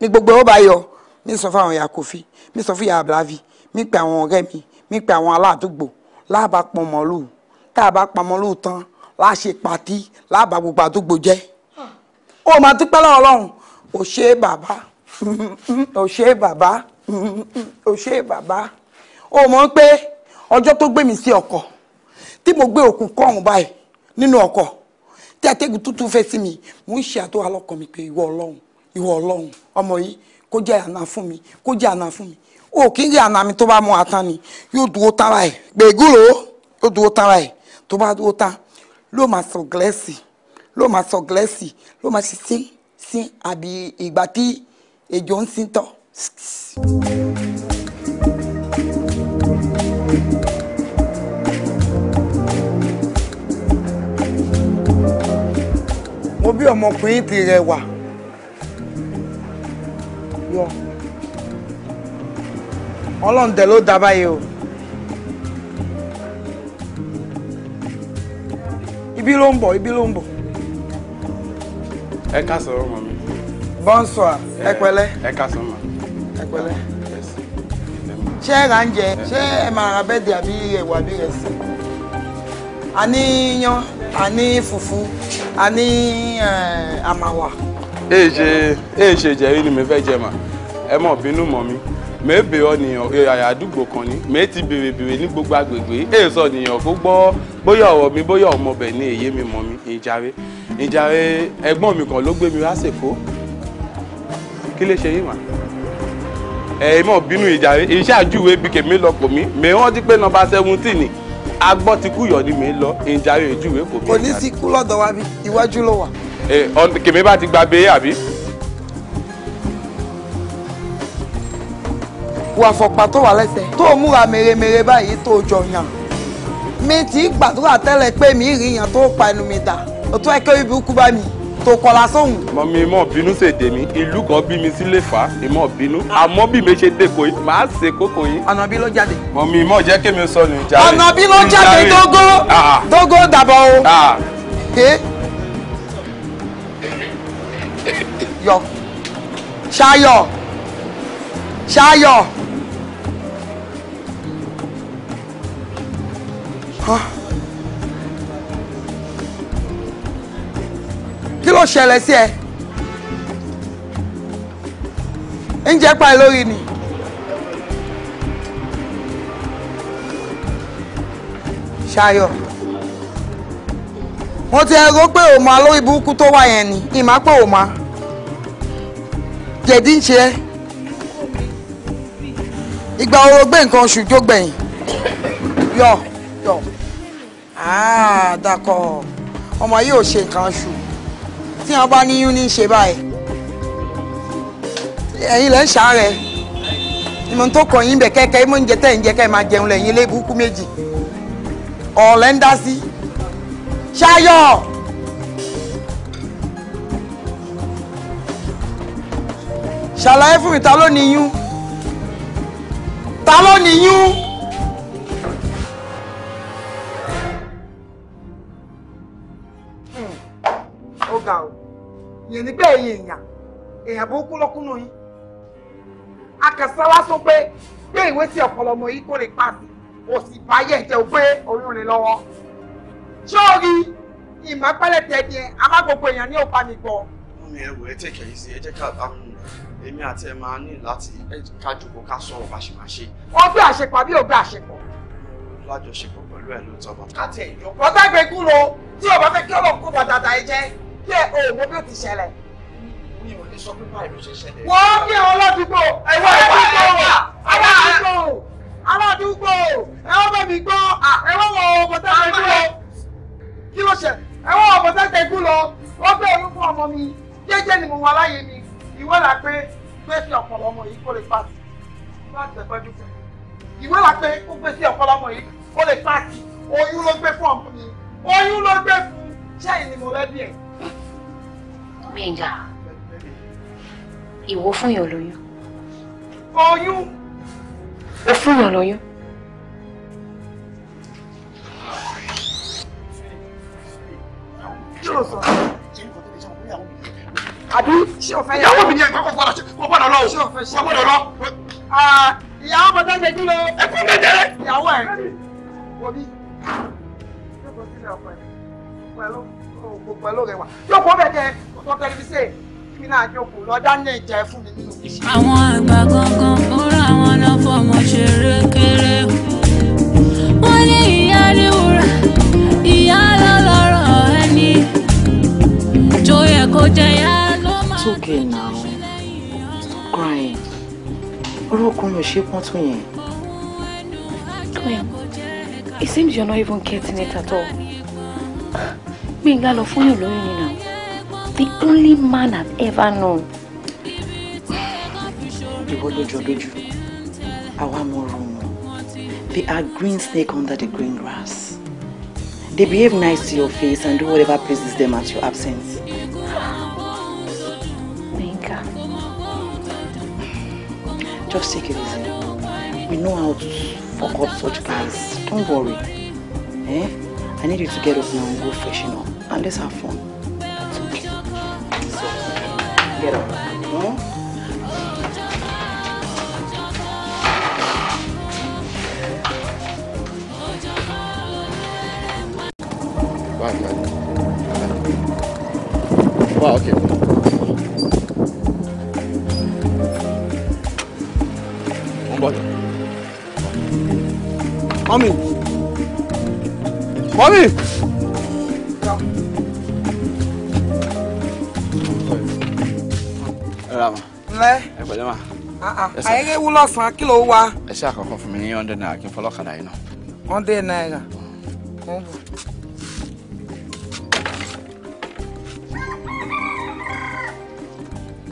ní gbogbo ó bá yọ mi sọ fún àwọn ìyá kofi mi sọ fún ìyá abdulhavi mi pe àwọn ọ̀rẹ́ mi mi pe àwọn aládùúgbò láàbà pọnmọ́ lù tá a bá pọnmọ́ lù tán láṣẹ pàtí láàbà gbogbo àdúgbò jẹ́ ó máa dúpẹ́ lọ́wọ́ ọlọ́run ò ṣe é bàbá ò <laughs> ṣe é bàbá ò <laughs> ṣe é bàbá ó mọ̀ pé ọjọ́ tó gbé mi sí ọkọ̀ tí mo gbé òkun kọ́ọ̀hún báyìí nínú ọkọ̀ tí atẹ́gùn tuntun fẹ́ sí mi mò ń ṣe àtọ́wà lọ́kàn mi pé ìwọ ọlọ́run ìwọ ọlọ́run ọmọ yìí kó jẹ́ àná fún mi kó jẹ́ àná fún mi o kì í rí àná mi tó bá mú ata ni yóò dúró tára ẹ̀ gbẹ̀gúrò yóò dúró tára ẹ̀ tó bá dúró tá ló máa sọ gẹ̀ẹ́sì ló máa sọ gẹ̀ẹ́sì ló máa ṣe sín sín àbí ìgbà tí èjò ń sin tán. Obi bí ọmọkùnrin ti rẹwà yọ ọlọ́run dẹ̀ ló dábàá yìí o ibi ló ń bọ̀ ibi ló ń bọ̀. ẹ ká sọ̀rọ̀ mọ́ mi. bọ́ńsọ̀ ẹ pẹ̀lẹ́. ẹ ká sọ̀rọ̀ mọ́. ẹ pẹ̀lẹ́. ṣé ẹ rà ń jẹ ṣé ẹ máa ra bẹ́ẹ̀dì àbí ẹ̀wà àbí ẹ̀sìn. a Ani fufu, ani amawa. ní àmàwà. ẹ ṣe ẹ ṣe jẹrí ni mi fẹ́ jẹ mà ẹ mọ̀ bínú mọ̀ mi mẹ́ẹ̀bẹ̀ ọ̀nìyàn àyàdúgbò kan ni mẹ́ẹ̀ ti bèrè bèrè ní gbogbo agbègbè èè sọ ọ̀nìyàn kó gbọ́ bóyá ọ̀rọ̀ mi bóyá ọmọ bẹ̀ ni èyí mi mọ̀ mi ìjàre ìjàre ẹ̀gbọ́n mi kan ló gbé mi lásìkò kí lè ṣe yìí mà ẹ̀ mọ̀ bínú ìjàre iṣẹ́ àjúwe bí kèmí lọ́pọ̀ mi mẹ́ẹ̀ rántí pé nọ́mbà seventeen ni agbọ́ ti kú yọ̀ ni mi lọ ìjàre ìjúwe kò kí kò ní sí kú lọ́dọ̀ wa bí iwájú ló wà. kèmí bá ti gba bẹ́ẹ̀ àbí. wà fọ̀pá tó wà lẹ́sẹ̀ tó múra mèremère báyìí tó jọyàn mi ti gbàdúrà tẹ́lẹ̀ pé mi rí yàn tó pa ẹnu mi dà ó tún ibi kú bá mi tó kọlá sóhun. mọ̀mí mọ̀ bínú ṣèdè mi ìlú kan bí mi sí lè fà á ìmọ̀ bínú àmọ́ bí mi ṣe dèkò yìí màá ṣe kókò yìí. ọ̀nà bí ló jáde. mọ̀mí mọ̀ jẹ́ kémi sọ nù jàre. ọ̀nà bí ló jáde dógó ah. dógó dàbọ̀ o. Ah. yọ ṣayọ ṣayọ. Huh? ló ṣẹlẹ̀ sí ẹ ń jẹ́ pa lórí ni. ṣayọ mo ti ẹ rò pé òun máa lórí burúkú tó wà yẹn ni ìmá pé òun máa jẹ̀dí ń ṣe ẹ́ ìgbà oró gbé nǹkan oṣù jó gbẹ̀yìn yọ yọ àádàkọ ọmọ yìí ò ṣe nǹkan oṣù tí wọn bá níyún ní í ṣe báyìí ẹ̀yin lẹ́ ń ṣàárẹ̀ ìmọ̀ tó kọ yín bẹ̀ kẹ́kẹ́ ìmọ̀ oúnjẹ tẹ̀ ń jẹ́ kẹ́ máa jẹun lẹ́yìn ilé burúkú méjì ọ̀lẹ́ ń dá sí ṣáyọ̀. ṣàlàyé fún mi ta ló níyún ta ló níyún. yẹn ní pé èyí èèyàn èèyàn burúkú lọ́kúnnù yín akẹsẹ wá sọ pé gbé ìwé sí ọpọlọ ọmọ yìí kó lè pàṣẹ kò sì báyẹ̀ jẹ́ òpé oyún rẹ̀ lọ́wọ́ sórí ìmọ̀ pẹ́lẹ́tẹ̀ ni a má gbogbo èèyàn ní òpá mi gbọ́. mọ̀mí ẹ wò ẹ tẹ̀ kẹ̀yìn sí ẹ jẹ́ ká bá mú èmi àti ẹ máa ní láti kájòkó ká sọ̀rọ̀ bá ṣe máa ṣe. wọ́n gbé àṣepọ̀ àbí ò gbé àṣepọ̀. lájọṣepọ̀ pẹ̀lú ẹ̀ ló tọ́ bá. ká tẹ̀ ìjọba yẹ òwò bí o ti ṣẹlẹ̀. mi ò lè sọ pé báyìí ló ṣe ṣẹlẹ̀. wọ́n ní àwọn aládùúgbò ẹ̀wọ̀n aládùúgbò aládùúgbò aládùúgbò ẹ̀wọ̀n bẹ̀ mí gbọ́ ah. ẹ̀wọ̀n wọ ọmọ tẹ́tẹ́ ah. gún lọ kí ló ṣe ẹ̀wọ̀n ọmọ tẹ́tẹ́ gún lọ wọ́n bẹ̀rù fún ọmọ mi jẹ́jẹ́ ni mo wà láyé mi ìwé là pé gbé sí ọ̀pọ̀ ọmọ yìí kó lè pàtì bá tẹ̀síwájú fún ìwé là pé ó gbé sí ọ̀pọ̀ ọmọ yìí kó lè pàtì oyún ló gbé fún ọmọ mi oyún ló gbé fún ṣẹ́yìn ni mo rẹ́ bí ẹ̀. Gbẹ̀ngà ìwọ fún yàn lóyún. Oyún. O fún yàn lóyún. Àbí ṣé o fẹ́ yà? Ìyàwó mi ni ẹ̀gbọ́n kò gbọ́dọ̀ ṣe kò gbọ́dọ̀ lọ o. Ṣé gbọ́dọ̀ lọ. Ìyàwó bọ̀dá ń gbẹ̀jú lọ. Ẹ kú méje. Ìyàwó ẹ̀. Wọ́n Ṣé kò sí ilé ọkọ ẹ̀? Pẹ̀lú àwọn àgbà gangan fúnra wọn lọ fọmọ ṣeré kéré wọn ní ìyá ríwúra ìyá lọlọrọ ẹni tó yẹ kó jẹ yá ló máa. it's okay now stop crying ọ̀rọ̀ ọkùnrin ò ṣe pọ́n tó yẹn. It seems you're not even getting it at all. Gbénga lọ fún yàn lóyún nínú the only man I've ever known. Ìwọ lójó lójú, àwa mọ̀ ọ̀rọ̀ wọn. They are green snake under the green grass. They behave nice to your face and do whatever pleases them at your absence. Gbénga. Just take it easy. We know how to fuck up such guys. Don't worry. Eh? I need you to get up now and go freshen up and these are fun. So, get up. Hmm? ayẹyẹ wú lọ́sàn-án kí ló wá. ẹ ṣe àkọ́kọ́ fún mi ní hundred naira kí n fọlọ́kadà yìí náà. hundred naira.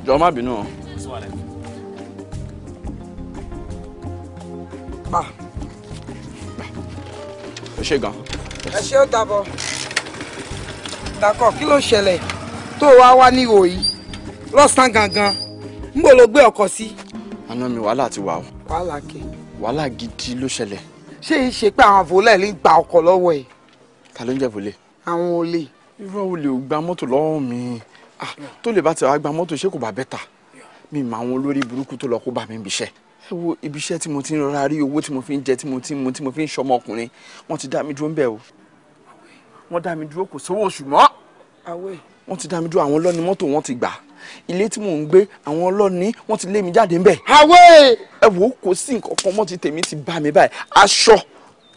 jọ̀ọ́ má bínú o. gbà. ẹ ṣe gan. ẹ ṣe ó dàbọ̀ dàkọ̀ kí ló ṣẹlẹ̀ tó wá wá ní ìhòòyì lọ́sàn-án gangan ń bò ló gbé ọkọ̀ sí. Si àná mi wàhálà ti wà o. wàhálà kẹ. wàhálà gidi ló ṣẹlẹ̀. ṣé èyí ṣe pé àwọn àvòlẹ̀ lè gba ọkọ̀ lọ́wọ́ ẹ̀. ta ló ń jẹ́ volé. àwọn olè. irọ́ olè ò gba mọ́tò lọ́wọ́ mi ah, tó lè bá ti wá gba mọ́tò ṣé kò bá bẹ́tà mi mà àwọn olórí burúkú tó lọ kó bá mi bíṣẹ́ ẹ wo ibi iṣẹ́ tí mo ti ń rọra rí owó tí mo fi ń jẹ tí mo ti ń mu tí mo fi ń ṣọmọ ọkùnrin wọ́n ti dá mi dúró ń bẹ̀ o wọ́n dá mi dúró kò sówó oṣù mọ́ wọ́n ti dá mi dúró àwọn lọ́ni mọ́tò wọ́n ti gbà ilé tí mò ń gbé àwọn ọlọ́ni wọ́n ti lé mi jáde ńbẹ̀. àwẹ̀. ẹ wo kò sí nǹkan kan mọ́ ti tèmi ti bá mi báyìí aṣọ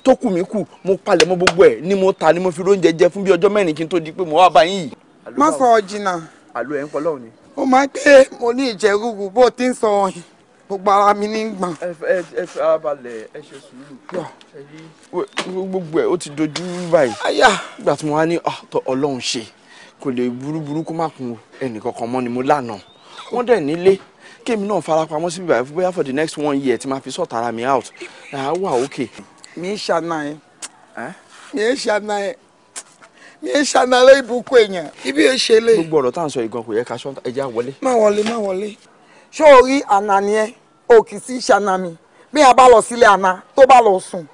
tó kù mí kù mo palẹ̀ mọ́ gbogbo ẹ̀ ni mo ta ni mo fi róúnjẹ jẹ fún bí ọjọ́ mẹ́rin kí n tó di pé mo wá bá yín yìí. má sọ ọ jìnnà. àlọ ẹ̀ ń pọ̀ lọ́wọ́ ni. ó máa ń pé mo ní ìjẹ́rùrù bó ti ń sọ ọ̀hìn gbogbo ara mi ní gbọ̀n. ẹ ẹ ẹ fara balẹ̀ ẹ ṣe sùúrù. gbogbo ẹ ó ti dojú báyìí. àyà. nígbà tí mo wá ní ah, ọlọ́run ṣe kò lè burúburú kó má kun ẹnìkankan mọ́ ni mo lánàá wọ́n dẹ̀ nílé kémi náà farapamọ́ síbi báyìí bóyá for the next one year tí máa fi sort ara mi out ẹ̀ á wà òkè. mi ṣàna ẹ mi ṣàna ẹ mi ṣàna lé ibùkún èèyàn ibi ò ṣe lé. gbogbo ọ̀rọ̀ tá à ń sọ ìgan kò yẹ ká ṣọ́ ẹ jẹ́ má wọlé má wọlé. ṣó o rí àná ni ẹ o kì í sí ṣàna mi bí a bá lọ sílé àná tó bá lọ sùn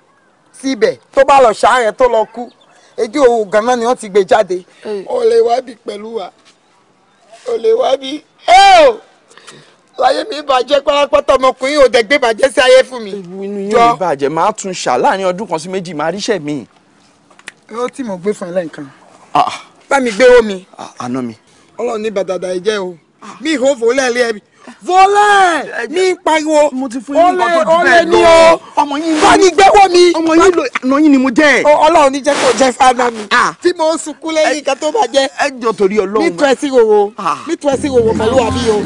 síbẹ̀ tó bá lọ ṣàárẹ̀ tó lọ kú èdè òwò ganan ni wọ́n ti gbé jáde. o mm. lè wá bí pẹ̀lú wa o lè wá bí ẹ o láyé mi bàjẹ́ pátápátá ọmọkùnrin ò dẹ̀ gbé bàjẹ́ sí ayé fún mi. inú yóò rí bàjẹ́ máa tún ṣà láàrin ọdún kan sí méjì máa ríṣẹ́ mi. ó tí mo gbé fún ẹ lẹ́ǹkan. Ah. bá mi gbé omi. Ah, àná mi. ọlọ́run ní bàdàdà ìjẹ́ o ah. mi ìhòòfò lẹ́ẹ̀lẹ́ fọlẹ́ mi pariwo ọlẹ ọlẹ ni o fani gbẹ́wọ́ mi. ọmọ yín lo ọmọ yín ni mo jẹ́. ọlọ́run ní jẹ́ kó jẹ́ fana mi ah. tí mo ń sunkún lẹ́yìn ká tó bá jẹ́. ẹ jọ torí ọlọ́run. mi tu ẹsí wowo ah. mi tu ẹsí wowo mọ̀lúwàbí o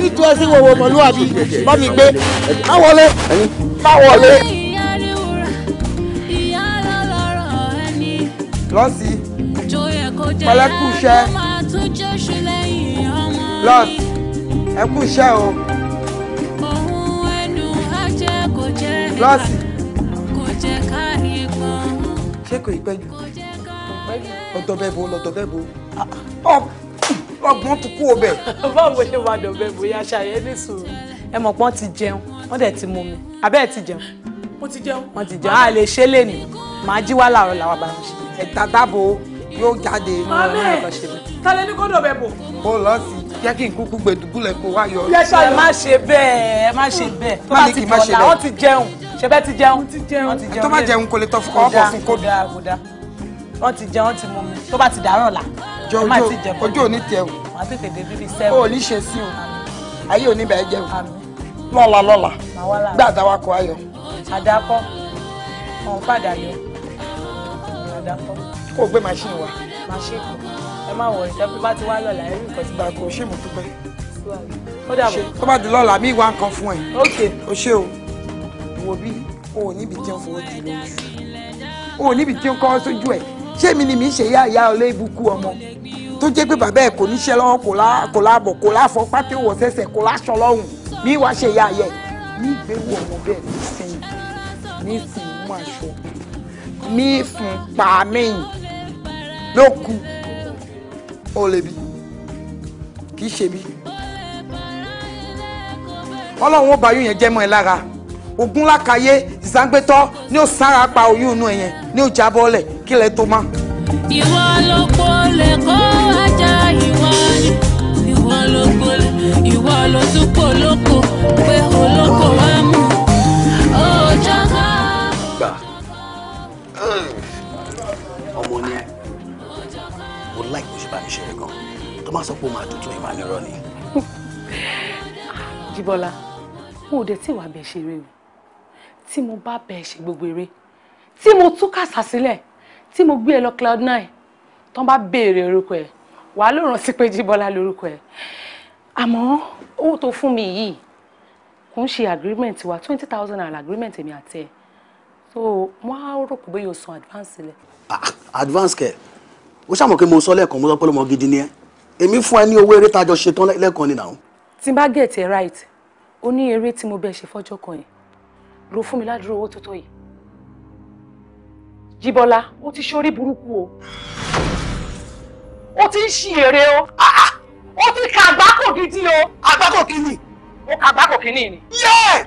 mi tu ẹsí wowo mọ̀lúwàbí bá mi gbé má wọlé má wọlé. lọ́sì pẹ̀lẹ́kùṣẹ́ lọ́sì ẹ kú iṣẹ́ o. ohun ẹnu ajẹ́ kò jẹ́ ẹ̀ka kò jẹ́ ká ìgbọ̀n. ṣé kò ìpẹ́ ọ̀dọ̀ bẹ́ẹ̀ bo lọ́dọ̀ bẹ́ẹ̀ bo ah, ah, ọgbọ́n tó kú ọbẹ̀. báwo ṣe máa dọ̀ bóyá ṣàyẹ̀ ní sùúrù ẹ mọ̀ pọ́n ti jẹun wọ́n dẹ̀ ti mú mi àbẹ́ ẹ̀ ti jẹun. mo ti jẹun. wọ́n ti jẹun a lè ṣe é lè nì máa jí wá làárọ̀ làwọn bá ń ṣe. ẹ̀ta dábò yóò jáde. mami tálẹ́ ní kódò bẹ̀ bò. ó lọ sí jẹ́ kí n kúkú gbẹdúgbùlẹ̀ kó wá yọ. ẹ má ṣe bẹ́ẹ̀ ẹ má ṣe bẹ́ẹ̀ tó bá ti dọ̀la wọ́n ti jẹun ṣẹbẹ́ ti jẹun tó bá jẹun kò lè tọ́ fún ọkọ̀ fún kódò. wọ́n ti jẹun wọ́n ti mú mi tó bá ti dàárọ̀ la ẹ ti jẹun. ojú òní tẹ o. màá tètè dé bíbí sẹ́wọ̀n. o ò ní ṣe sí o ayé òní bẹ̀ẹ́ jẹun lọ́la lọ́la gbàdá wa ayọ̀. àdàpọ̀ kàn kó gbé machine wa. machine kan ẹ má wọrí tẹ́bí bá ti wá lọ́la ẹ̀rí nǹkan ti bá kó. ṣé mo dúpẹ́. ó dàbọ̀. tó bá di lọ́la mi wá nǹkan fún ẹ. ok o ṣé o wo bí o ò níbi tí ń fowó di lójú o níbi tí ń kọ́ sójú ẹ̀ ṣé mi ni mi ṣe ya ìyá ọlẹ́ ibùkún ọmọ tó jẹ́ pé bàbá ẹ̀ kò níṣẹ́ lọ́wọ́ kò láàbọ̀ kò láfọ́ pátí òwò sẹ́sẹ̀ kò láṣọ lọ́rùn mi wá ṣe ìyá ayẹ mi gbéwò ọmọ bẹ́ẹ̀ nísìnyí nísìnyí mú aṣọ mi fún pa mẹ́yìn ló kù ó lè bí kì í ṣe bí ọlọ́run ó bá oyún yẹn jẹ́ mọ́ ẹ lára ogun lákàyé ìsangbétọ́ ní ó sára pa oyún inú ẹ yẹn ní ó jábọ́lẹ̀ kí lẹ tó má. ìwọ ló polè kó ajá ìwọ ni ìwọ ló polè ìwọ ló tún polóko pé olóko wa mú. má sọ pé o máa dúdú ìmọ̀ nírọ̀ ni. <laughs> Jíbọ́lá mo ò dé tí ìwà bẹ̀ ṣe eré o tí mo bá bẹ̀ ṣe gbogbo eré tí mo tú kàṣà sílẹ̀ tí mo gbé ẹ lọ cloud nine tán bá béèrè orúkọ ẹ wàá ló rántí pé Jíbọ́lá lórúkọ ẹ àmọ́ owó tó fún mi yìí kò ń ṣe agreement wa twenty thousand naira agreement èmi àti ẹ so wọn á rò pé yóò san advance sílẹ̀. Ah, advance kẹ o ṣàmọ̀ pé mo sọ lẹ́ẹ̀kan mo sọ pé lọ́mọ gidi ni ẹ́ èmi fún ẹ ní owó eré tájọ ṣe tán lẹ́ẹ̀kan ni nàá. tí n bá gẹ̀ẹ́tì ẹ̀ right ó ní eré tí mo bẹ́ẹ̀ ṣe fọ́jọ́ kan yẹn ló fún mi ládùúró owó tó tó yìí. Jíbọ́lá ó ti ṣorí burúkú o ó ti ń ṣi èrè o ah, ah! ó ti ka àgbákò gidi o. àgbákò kìíní. ó ka àgbákò kìíní ni. yẹ́ẹ̀.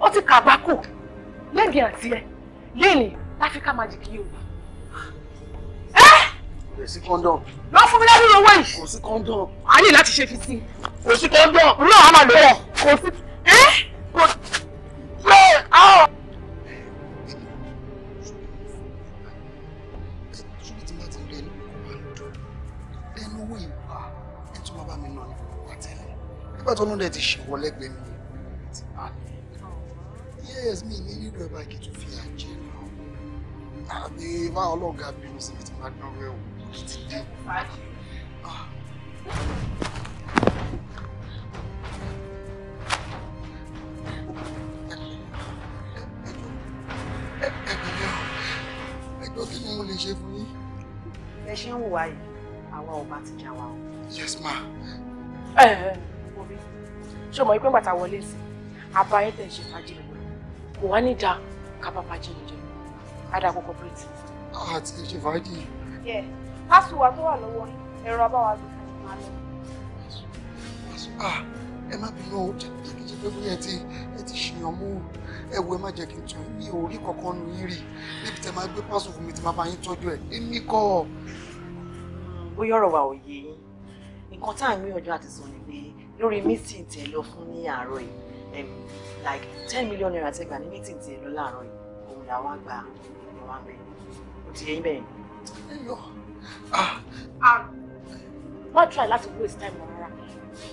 ó ti ka àgbákò lẹ́gbẹ̀ẹ́ àti ẹ lẹ́yìn láfíríkà májìkì yìí o kò sí kọ́ńdọ̀m. lọ fún mi lẹ́nu owó yìí. kò sí kọ́ńdọ̀m. a ní láti ṣe fisi. kò sí kọ́ńdọ̀m. n náà máa lò wọ̀. kò sí. ẹ kò ṣe nígbà tó lóde ti ṣèwọ lẹ́gbẹ̀ẹ́ mi ti bá mi yes mi ní nílò ẹ báyìí tún fi àjẹ náà àbí báwọn ọlọ́ọ̀gá bínú sí mi ti máa dánwó ẹ̀wò ṣe ń wùwá yìí àwa ò bá ti jà wá o. yes ma. ẹ ẹ Show, ṣé o mọ̀ pé bàtà wọlé sí àbá ẹ̀ tẹ̀ ṣe fàájì rẹ̀ kò wá ní da kábàbà jẹ́ ìjẹun adàkọ̀ cooperative. àti ìṣèfàájì. Yeah pásù wa tó wà lọ́wọ́ yín ẹ̀rọ abáwa ló fẹ́ ẹ má bínú o kìí ṣe pé bóyá ẹ ti ṣèyàn mú ẹ wo ẹ má jẹ́ kí n tún mi ò rí kankan nu yín rí níbi tẹ máa gbé pásù fún mi tí máa bá yín tọ́jú ẹ èmi kọ́. ó yọ̀rọ̀ wa ò yé yín nǹkan tá à ń gbìyànjú àti sọ ni pé lórí mítìn tẹ lọ fún ní àárọ̀ yìí like ten million naira tẹ gbà ní mítìn tẹ lọ láàárọ̀ yìí òun làwọn àgbà ìwà mẹ́rin ó ti yẹ yín bẹ́ẹ̀. Ah. ah, má try láti waste time rárá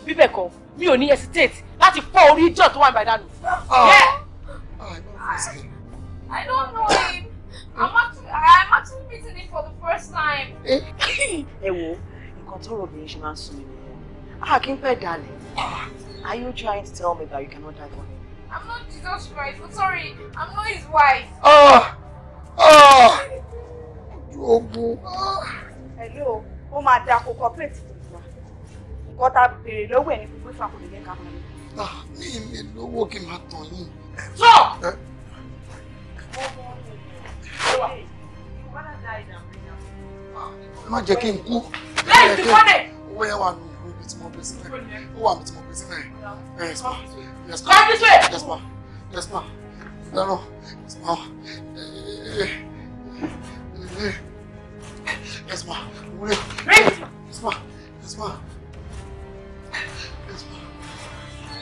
bíbẹ̀ kan mi ò ní hesitate láti fọ́ orí ìjọ tó wà ní ìdánù. Ah. Ah, I don't know him. I'm actually, meeting him for the first time. Eh. <laughs> Ẹ wo, nǹkan tọ́rọ̀ obìnrin ṣe máa ń sun mi nìyẹn. A kì í pẹ́ dalẹ̀. Are you trying to tell me that you cannot die for him? I'm not Jesus Christ. I'm sorry. I'm not his wife. Ah! Ah! Ojú ogun. Ah! yìí o ó máa da kó corporate pẹ̀lú wa nǹkan tá a béèrè lọ́wọ́ ẹ̀ ní gbogbo ìfà kò lè jẹ́ ká mọ̀ ní. ní ìmì lówó kí n máa tàn yín. sọ. Ah, má jẹ́ kí n kú. lẹ́yìn tí wọ́n dẹ̀. owó yẹn wà nù ìwé ibi tí mo gbé sílẹ̀ ó wà mí tí mo gbé sílẹ̀ yes ma yes ma yes ma yes ma lọ́nà yes ma eh, eh, eh, yes ma. Wait. Wait. Esma. Esma. Esma.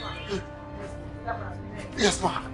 Esma. Esma.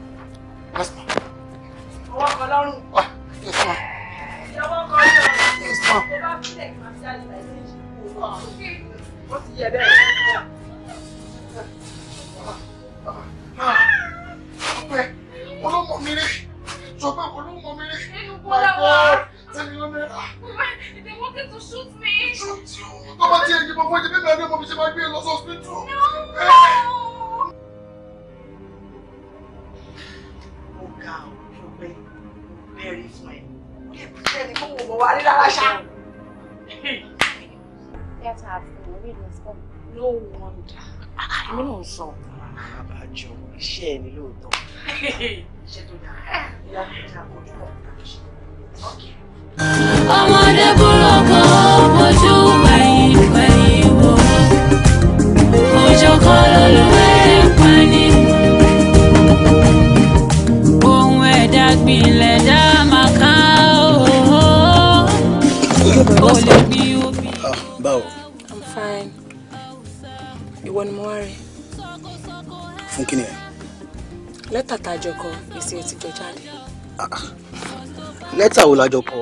lẹ́tà wo lájọ kọ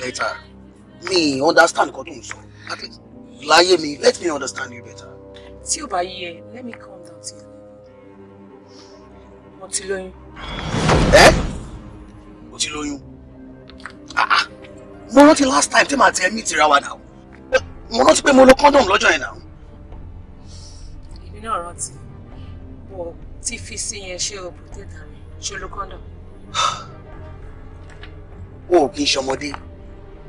lẹ́tà mi understand nǹkan tó ń sọ at least láyé mi let me understand you better. tí ò bá yé let me calm down to you mo ti lóyún. ẹ o ti lóyún ah, ah. mo rántí last time tí màá ti ẹ mí tira wa náà mo rántí pé mo lo condom lọ́jọ́ yẹn náà. èmi náà rántí mo ti fi sí yẹn ṣé o protect mi ṣe lo condom. <sighs> o kì í ṣọmọdé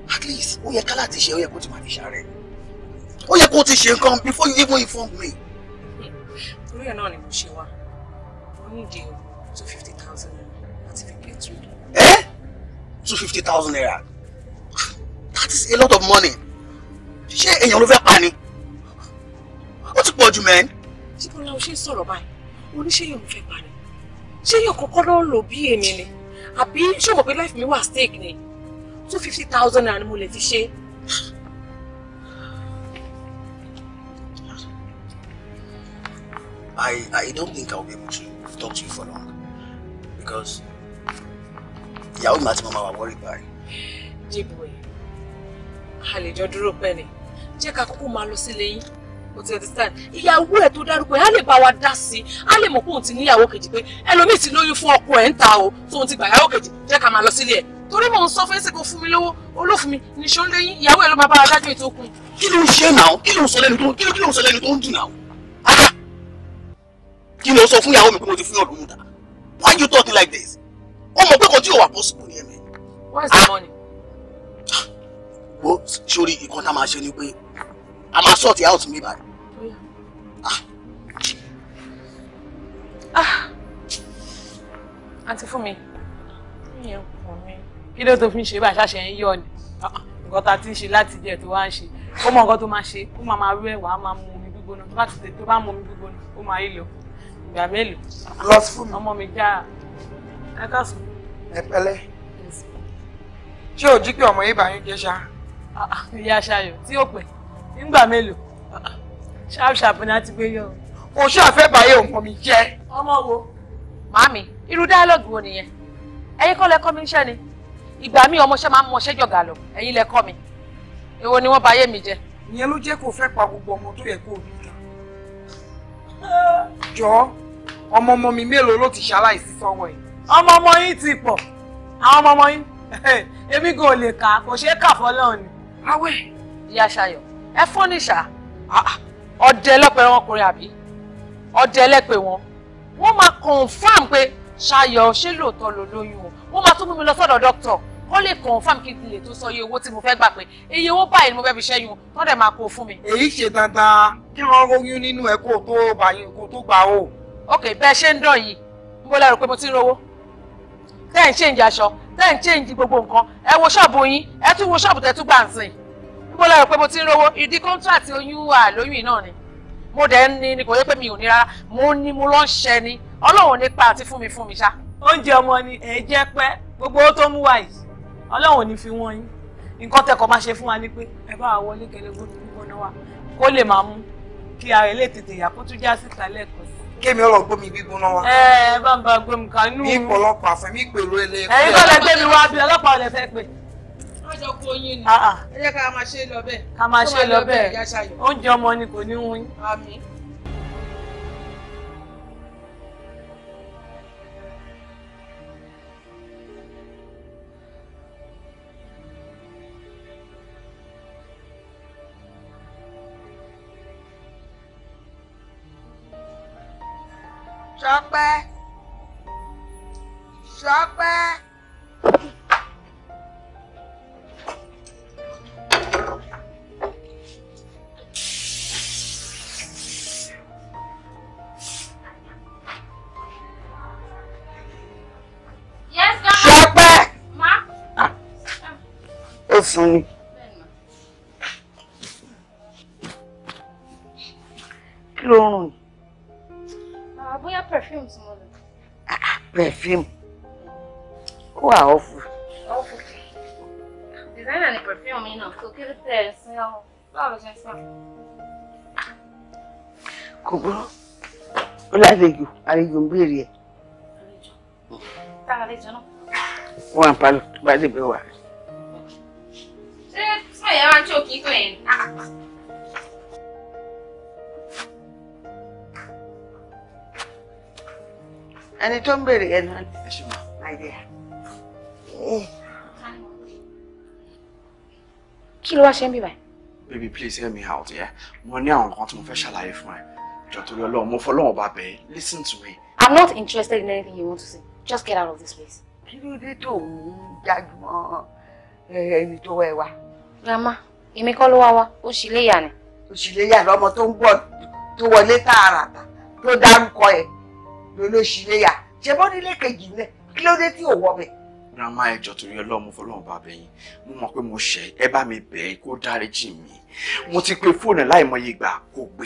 at least ó yẹ ká láti ṣe ó yẹ kó ti máa fi ṣàárẹ̀ ó yẹ kó ti ṣe nǹkan before you even inform me. torí ẹ̀ náà ni mo ṣe wá mo ní ìdí two fifty thousand naira láti fi pay through. ẹ two fifty thousand naira that is a lot of money ṣé èèyàn ló fẹ́ pa ni ó ti pọ̀ jù mẹ́rin. ṣé kọ́lá o ṣe ń sọ̀rọ̀ báyìí oníṣẹ́ yóò fẹ́ pa ni ṣé yóò kọ́kọ́ lọ́ọ́ lò bí èmi ni àbí ṣé mọ̀ pé life mi wà stake ni two fifty thousand naira ni mo lè fi ṣe. I I don't think I'll be able to talk to you for long because ìyàwó mi àti mama wà worry by. Jíboyè, a lè jọ dúró pẹ́ ni, jẹ́ ká kúkú máa lọ sílé yín o ti understand ìyàwó ẹ̀ tó dárúkọ ẹ̀ á lè bá wa dá sí i á lè mọ̀ pé òun ti níyàwó kejì pé ẹlòmíì ti lóyún fún ọkọ ẹ̀ ń ta o tóun ti gbàyàwó kejì jẹ́ ká máa lọ sílé ẹ̀ torí mò ń sọ fẹ́sẹ̀ kó fún mi lówó olófin mi níṣó léyìn ìyàwó ẹ̀ ló máa bá wa dájọ́ ètò okùn. kí ló ń ṣe náà kí ló ń sọ lẹ́nu tó kí ló ń sọ lẹ́nu tó ń dùn náà kí ló ń sọ fún ìyàwó mi pé mo ti fún yàn lóyún dà why you talking like this ó mọ̀ pé kan tí yóò wà possible ni ẹ̀mí. what's the ah! money. wo sori ìkọ́ta máa ṣe ni a máa sort out mi báyìí. àǹtí ah. ah. fún mi ìyẹn kò ní kí ló tó fi ń ṣe bá ṣàṣẹ ń yọ ni ah, nǹkan tá a ti ń ṣe láti jẹ tó wá ń ṣe ó mọ nǹkan tó máa ṣe ó máa máa rú ẹwà á máa mu omi gbígbóná tó bá Lost tètè tó bá mu omi gbígbóná ó máa yí lọ ìgbà mélòó. lọs fún mi ọmọ mi já ẹ káàsùn. ẹ pẹ̀lẹ́ nígbà mélòó ṣáàpù ṣáàpù ni a ti gbé yọ. oṣù àfẹ́bàyé ọmọ mi jẹ́. ọmọ wo. màámi irú dialogue wo nìyẹn ẹ̀yin kọ́ lẹ kọ́ mi iṣẹ́ ni ìgbà mi ọmọṣẹ́ máa ń mọṣẹ́ jọ̀gà lọ ẹ̀yin lẹ kọ́ mi èwo ni wọ́n bayé mi jẹ́. ìyẹn ló jẹ́ kó fẹ́ pa gbogbo ọmọ tó yẹ kó bí ta. <laughs> jọ ọmọ ọmọ mi mélòó ló ti ṣaláìsí sọ́wọ́ ẹ̀. ọmọ ọmọ yín ti pọ̀ àwọn ọmọ ọmọ yín <laughs> èmi gan ò lè kà kò ṣeé kà fọlọ́ọ̀ awẹ́. ìyá ṣayọ̀ ẹ fọ́n níṣà ah, ah. ọdẹ ẹlẹ́pẹ̀ wọn ọkùnrin àbí ọdẹ ẹlẹ́pẹ̀ wọn wọ́n máa confam pé ṣayọ̀ ṣé lóòótọ́ ló lóyún o wọ́n máa tún mú mi lọ sọ́dọ̀ dókítà kọ́ lè confam kí n lè tó sọ iye owó tí mo fẹ́ gbà pé iye owó báyìí ni mo fẹ́ fi ṣẹ́yún tó dẹ̀ máa kó fún mi. èyí ṣe dandan kí wọ́n róyún nínú ẹ̀ kó tó bàyìn kó tó gbà o. ok bẹ́ẹ̀ ṣe ń dán yìí n bó lẹ́rù pé mo ti ń rówó tẹ́ ń ṣèǹjì aṣọ tẹ́ ń ṣèǹjì gbogbo nǹkan ẹ wo ṣọ́ọ̀bù yín ẹ tún wo ṣọ́ọ̀bù tẹ́ tún gbà ń sìn bó láyọ̀ pé mo ti ń rówó ìdí kọ́ńtàtì oyún wà lóyún náà ni mo dẹ̀ ń ní ni kò yẹ pé mi ò ní mo ní mo lọ́ ń ṣẹ ni ọlọ́run nípa àti fún mi fún mi ṣá. oúnjẹ ọmọ ni ẹ jẹ pé gbogbo owó tó mú wá yìí ọlọ́run ní fi wọ́n yín nǹkan tẹ̀kọ́ máa ṣe fún wa ni pé ẹ bá wọlé gẹlẹ́gbó ní gbígbóná wa kó lè máa mú kí ara ẹ tètè yà kó tún já síta lẹ́ẹ̀kan sí. kémi ọ̀rọ̀ gbómi gbígbóná wa. ẹ ẹ bá ń ba gbómi kanú. mi pọ̀lọpọ̀ àfẹ́ mi pẹ̀lú ẹlẹ́ẹ̀kọ́. ẹ̀yin kọ́ lẹ gbé mi wá bí pè má jọ kó yín ni ah, ah. ẹ jẹ́ ká máa ṣe lọ bẹ́ẹ̀ ká máa oúnjẹ ọmọ ni kò ní wọ́n yín. àmín. Ṣọpẹ́ sùn ni. kí ló ń rùn yìí. Ah, bóyá perfume tí mo lò. Ah, ah, perfume ó wà ọ̀fù. ọ̀fù designer ni perfume mi náà kò kí ló tẹ̀ ẹ́ sí ọ́ báwo ló ṣe ń sọ. kò burú ó lálejò àlejò ń béèrè ẹ̀. tá a lè jọ náà. wọn àpá ló bá dé bẹ́ẹ̀ wà ẹ̀ wá ń tí òkì tó yẹn. ẹni tó ń béèrè ẹnu àdìyà. kí ló wá ṣe ń bíbá baby please hear me out yeah? Money ní àwọn nǹkan tí mo fẹ́ ṣàlàyé fún ẹ jọ torí Ọlọ́run mo fọlọ́run bá listen to me. I'm not interested in anything you want to say just get out of this place. kí ló dé tó ń gbàgbọ́ eh, ẹni tó Grandma, èmi kọ́ ló wá wá, ó sì léyà ni. Ó sì léyà lọ́mọ tó ń bọ̀ tó wọlé tààràtà tó dárúkọ ẹ̀ ló ló sì léyà. Ṣé bọ́ nílé kejì náà kí ló dé tí ò wọ bẹ̀? Grandma ẹjọ́ torí Ọlọ́run mo fọlọ́run bá bẹ̀ yín. Mo mọ̀ pé mo ṣẹ̀ ẹ bá mi bẹ̀ ẹ́ kó dáríjì mi. Mo ti pe fóònù láìmọye ìgbà kò gbé.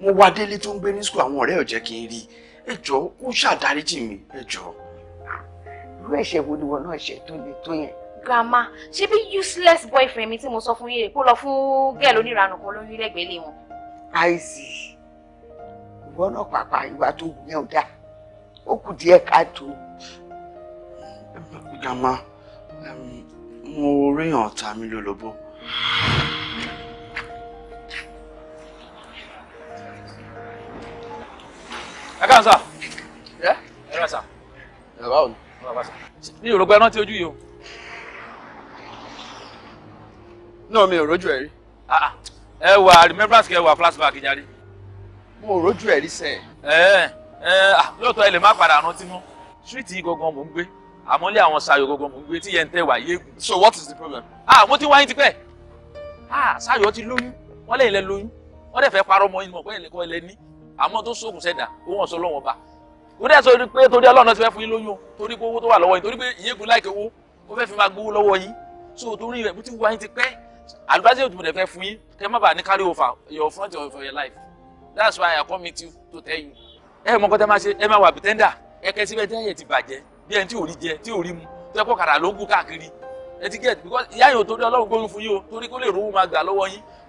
Mo wá délé tó ń gbé ní sùkúl àwọn ọ̀rẹ́ ò jẹ́ kí n rí. Ẹjọ́ kó ṣàdáríjì mi ẹjọ́. Irú ẹ̀ṣẹ̀ wo ni wọn náà ṣe tó le tó yẹn? grandma she be useless boyfriend mi tí mo sọ fún yìí kó lọ fún gẹ́ẹ̀ lóníranù kan lórí lẹ́gbẹ̀ẹ́ lé wọn. àìsí ìwọ náà pàpà ìwà tó wù yẹn ò dáa ó kù díẹ̀ káàtó. grandma mo ríyàn ọ̀tá mi lólobó. ẹ káàsán. ẹ káàsán. ẹ báwo ni. mi ò rò pé ẹ rántí ojú yìí o. náà mi ò rójú ẹ̀ rí. Ah, ah. ẹ wà remembrance kẹ wà flashback jáde. mo ò rójú ẹ̀ rí sẹ́ẹ̀. ẹ ẹ ah, lóòótọ́ ẹ lè má padà rántí mọ́ street gangan mò ń gbé àmọ́ lé àwọn Ṣayọ̀ gangan mò ń gbé tí yẹn ń tẹ̀ wá yéegun. so what is the problem. ah mo ti wáyé tipẹ́ ah Ṣayọ̀ ti lóyún wọ́n lẹ́yìn lẹ́ lóyún wọ́n dẹ̀ fẹ́ parọ́ mọ́ inú ọ̀pẹ́ ìlẹ́kọ́ ilẹ̀ ní àmọ́ tó sóògùn sẹ́dà ó wọ́n sọ lọ́wọ́n ba kò dẹ́ sọ pé torí Ọlọ́run náà ti fẹ́ fún yín lóyún o torí pé owó tó wà lọ́wọ́ yín torí pé ìyégun láìkè owó ó fẹ́ fi máa gbowó lọ́wọ́ yín so torí rẹ̀ mo ti wáyé tipẹ́ advice tí mo dẹ̀ fẹ́ fún yín kẹ́ má carry over your front of your life that's why I come meet you to tell you. Eh, mọ kote ma se ẹ máa wà bìtẹ́ndà ẹ kẹ́ síbẹ̀ tẹ́yẹ̀ ti baje. bí ẹni tí je, rí jẹ mu tó yẹ kó kàrà ló ń kú get because ya yìí ò torí ọlọ́run gbóyún fún yín o torí kó lè rówó máa gbà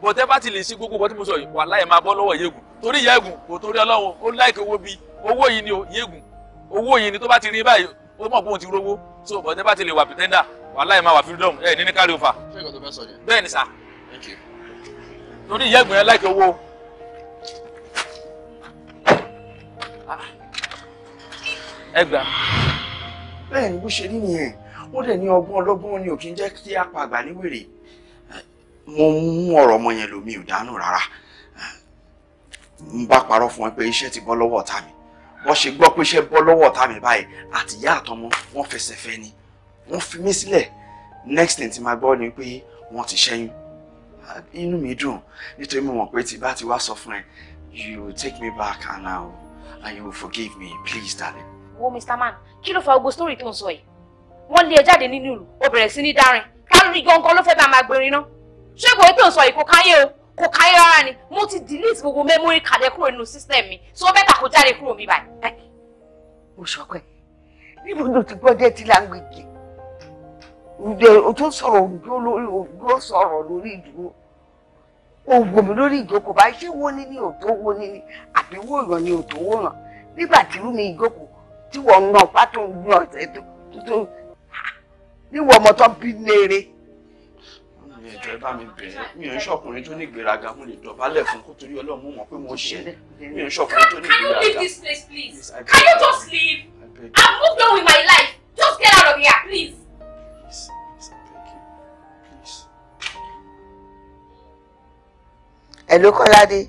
but ẹ bá ti le ṣe gbogbo bọ́ tí mo sọ yìí wà láyé máa bọ́ lọ́wọ́ yéègùn torí ìyá ègùn kò torí ọlọ́run ó láìkè owó bíi owó ni o yéègùn owó yìí ni tó bá ti rí báyìí ó mọ̀ pé òun ti rówó so but ẹ bá ti le wa bìtẹ́ndà wàhálà máa wà freedom ẹ ní ní carry over. ṣé ìkọ́ tó fẹ́ sọ yẹn. bẹ́ẹ̀ ni sà. torí ìyá ẹ̀gbọ́n yẹn láìkí owó. Ah. ẹ gbà. bẹ́ẹ̀ ni bó ṣe rí nìyẹn ó dẹ̀ ní ọgbọ́n ọlọ́gbọ́n ni ò kí ń jẹ́ kí a pa àgbà ní wèrè mo mú ọ̀rọ̀ ọmọ yẹn lómi ò dánú rárá n bá parọ́ fún ẹ pé iṣẹ́ ti bọ́ lọ́wọ́ ọ̀tá mi bó ṣe gbọ́ pé iṣẹ́ bọ́ lọ́wọ́ ọ̀tá mi báyìí àtìyá àtọmọ wọ́n fẹsẹ̀ fẹ́ ni wọ́n fi mí sílẹ̀ next thing tí máa gbọ́ ni pé wọ́n ti ṣẹ́yún inú mi dùn nítorí mo mọ̀ pé tí bá ti wá sọ fún ẹ you take me back and now and you forgive me please darling. wo mr man kí ló fa gbogbo story tó ń sọ yìí wọ́n lé ẹ jáde nínú ìlú ó bẹ̀rẹ̀ sí ní dárin kárí gangan ló fẹ́ bá máa gbèrè náà ṣé kò tó ń sọ yìí kò káyé o kò káyé rárá ni mo ti delete gbogbo memory card kúrò nínú system mi so bẹ́tà kó jáde kúrò mi báyìí. mo sọ pé níbo ló ti gbọ́ dirty language o tó sọ̀rọ̀ òdúró sọ̀rọ̀ lórí ìdúró o wò mí lórí ìjókòó báyìí ṣé wó ní ní òtó wó ní ní àbí wó yàn ní òtó wó yàn nígbà tí irú mi ìjókòó tí wọ́n ń ná pátó ń gbé ọ̀sẹ̀ tó tó níwọ̀n ọmọ tó ń bí léèrè. mi ò jẹ́ bá mi bẹ̀rẹ̀ mi ò ń ṣọkùnrin tó ní ìgbéraga mo lè dọ̀bálẹ̀ fún kó torí ọlọ́run mọ̀ pé mo ṣe mi ò ń ṣọkùnrin tó ní ìgbéraga. Can you leave this place please? Can you just leave? Hello Kọ́ládé.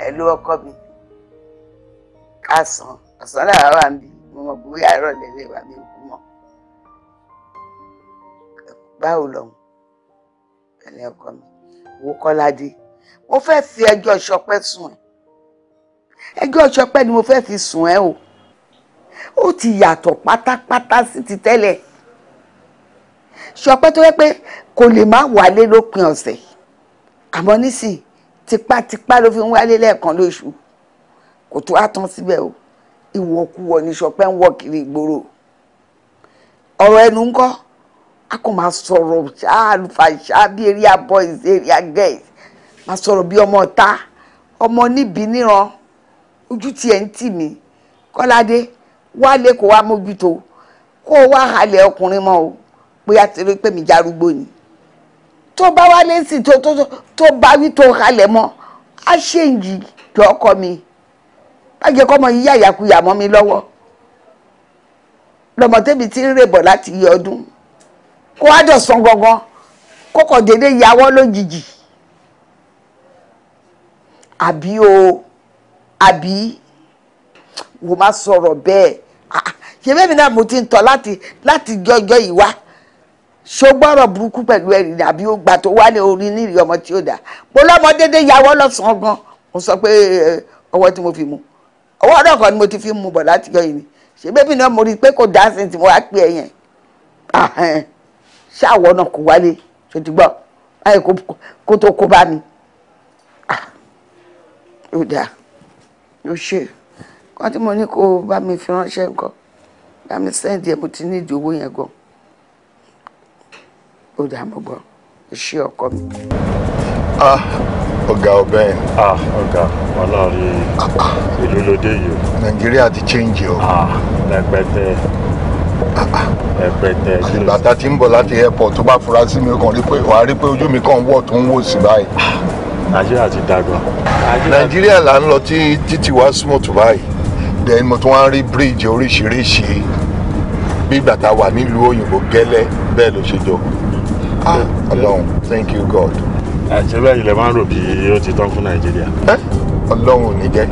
Hello ọkọ mi. Kásán. Ọ̀sán làwa wà ń bí. Mo mọ̀ pé àárọ̀ lẹ́lẹ́ wà mí kú mọ́. Báwo lọ́hùn? Ẹ̀lẹ́ ọkọ mi. Wo Kọ́ládé. Mo fẹ́ fi ẹjọ́ Ṣọpẹ́ sùn ẹ̀. Ẹjọ́ Ṣọpẹ́ ni mo fẹ́ fi sùn ẹ́ o. Ó ti yàtọ̀ pátápátá sí ti tẹ́lẹ̀. Ṣọpẹ́ tó yẹ pé kò lè má wálé lópin ọ̀sẹ̀ àmọ́ nísìn tipátipá ló fi ń wálé lẹ́ẹ̀kan lóṣù kò tó wá tán síbẹ̀ o ìwọ̀kuwọ̀ ni Ṣọpẹ́ ń wọ̀ kiri ìgboro ọ̀rọ̀ ẹnu ńkọ́ a kò máa sọ̀rọ̀ ṣáàlùfàṣà bí area boys area girls máa sọ̀rọ̀ bí ọmọ ọ̀tá ọmọ níbi níran ojú tiẹ̀ ń tì mí Kọ́ládé wálé kó wá mójútó kó o wá halẹ̀ ọkùnrin mọ́ o bóyá ti rí pé mi járúgbó ni tó bá wá lẹ́sìn tó tó tó bá wí tó halẹ̀ mọ́ á ṣe ìjì jọ ọkọ mi bájẹ́ kọ́mọ yìí yàyàkuyà mọ́ mi lọ́wọ́ lọ́mọ tẹ́bi ti ń rèbọ̀ láti yí ọdún kó wá dọ̀sán gangan kókò dédé yàwọ́ lójijì àbí o àbí wò má sọ̀rọ̀ bẹ́ẹ̀ ah, ṣe bẹ́ẹ̀ mi náà mo ti ń tọ́ láti láti jọjọ́ yìí wá ṣó gbọ́rọ̀ burúkú pẹ̀lú ẹ̀rì àbí ògbà tó wá ní orí nírì ọmọ tí ó dà mo lọ́mọ dédé yàwọ́ lọ́sàn-án gan mo sọ pé ọwọ́ tí mo fi mu ọwọ́ ọ̀dọ̀ kan ni mo ti fi mu bọ̀ láti yọ ìní ṣé bébí náà mo rí i pé kò dá sí ti mo wá pè é yẹn ṣé àwọ̀ náà kò wálé ṣòtúgbọ́ báyìí kó tó kó bá mi ó dáa ó ṣe kan mo ní kó bá mi fi ránṣẹ́ nǹkan bá mi sẹ́ǹdì ẹ̀ mo ti ní ìdí owó yẹn gan-an ó dà mọ́ gbọ́ ṣé ọkọ mi. Ah, ọ̀gá ọbẹ̀ yẹn. Ah, ọ̀gá ọlọ́rin ìlú lóde yìí. nàìjíríà ti change o. Ah, rẹpẹtẹ rẹpẹtẹ. àtìgbà tá a ti ń bọ̀ láti airport tó bá fura sí mi kàn rí pé wàá rí pé ojú mi kàn ń wọ̀ tó ń wò sí báyìí. nàìjíríà ti dàgbà. nàìjíríà là ń lọ tí títí wá smooth báyìí then mo tún wá ń rí bíríìjì oríṣiríṣi bí ìgbà tá a wà nílùú òyìnbó gẹ́lẹ́ bẹ́ẹ̀ ló ṣe jọ. Ah, ọlọ́run thank you god. ṣé bẹ́ẹ̀ ilẹ̀ máa ń rò bí ó ti tán fún nàìjíríà. Eh, ọlọ́run ò ní jẹ́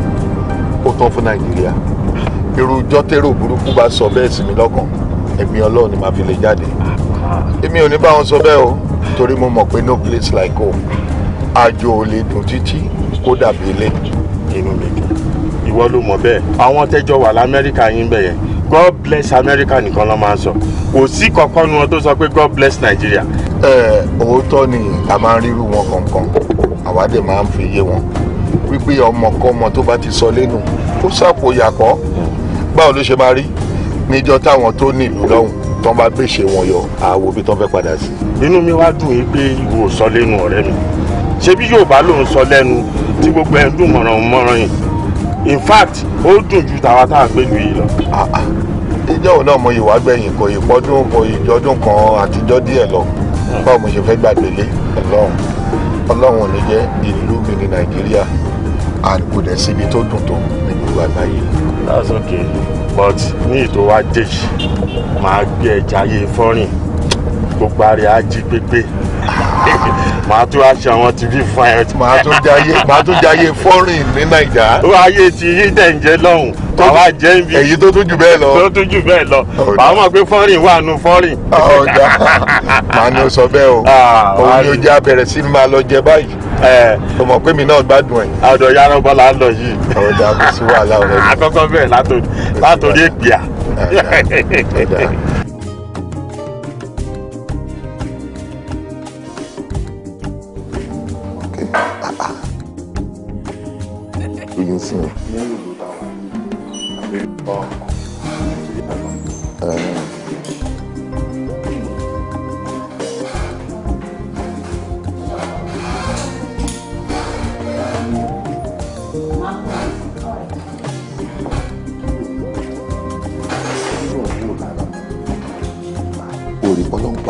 ó tán fún nàìjíríà irú jọ́tẹ́rò burúkú bá sọ bẹ́ẹ̀ sí mi lọ́kàn ẹ̀mí ọlọ́run ni màá fi lè jáde èmi ò ní bá wọn sọ bẹ́ẹ̀ o torí mo mọ̀ pé no place like home àjò ò lè dùn títí kó dàbí ilé inú mi dùn ìwọ ló mọ̀ bẹ́ẹ̀ àwọn tẹ́jọ wà lamẹ́ríkà yín bẹ̀ yẹn god bless america nìkan ló máa ń sọ kò sí kankan nu wọn tó sọ pé god bless nigeria òótọ́ ni a máa ń ríru wọn kankan àwa dẹ̀ máa ń fi yé wọn wípé ọmọkọ́mọ tó bá ti sọ lẹ́nu kó sàpò yàpọ̀ báwo ló ṣe máa rí níjọ́ táwọn tó ní ìlú lọ́hùn tán bá gbèsè wọn yọ àwo bí tán fẹ́ padà sí. inú mi wá dùn yín pé ìwọ sọ lẹ́nu ọ̀rẹ́ mi ṣebí Yorùbá ló ń sọ lẹ́nu tí gbogbo ẹ̀ ń dùn mọ̀ràn mọ̀ràn yìí in fact ó dùn ju tàwa tá à yìí lọ ìjọ òun náà mọ ìwà gbẹ̀yìn kò ìpọ́dún kò ìjọdún kan àtijọ́ díẹ̀ lọ báwo mo ṣe fẹ́ gbàgbélé ọlọ́run ọlọ́run ò ní jẹ́ ìlú mi ní nàìjíríà and kò dẹ̀ síbi tó dùn tó ní gbogbo àgbáyé. that's okay but ní ìtò wa jèjì màá gbé ẹja ayé fọ́rìn gbogbo àrẹ ají pépé ah. màá tún aṣọ àwọn tv fún ẹ. màá tún jayé fọ́rìn ní nàìjà. ó ti yí dẹ̀ ń jẹ́ lọ́hùn àwa jẹ́ ibi èyí tó tún jù bẹ́ẹ̀ lọ tó tún jù bẹ́ẹ̀ lọ àwọn mọ̀ pé fọ́nrìn wà nù fọ́nrìn. ọ̀gá màá ní o sọ bẹ́ẹ̀ o ah, òun ni o jẹ́ abẹ̀rẹ̀ sí máa lọ jẹ báyìí o mọ̀ pé mi náà gbádùn ẹ̀. àdó yàrá ọba là ń lọ yìí. ọ̀dà kò sí wàhálà ọ̀rẹ́ mi. àkọ́kọ́ bẹ́ẹ̀ látòrí èpìà. you see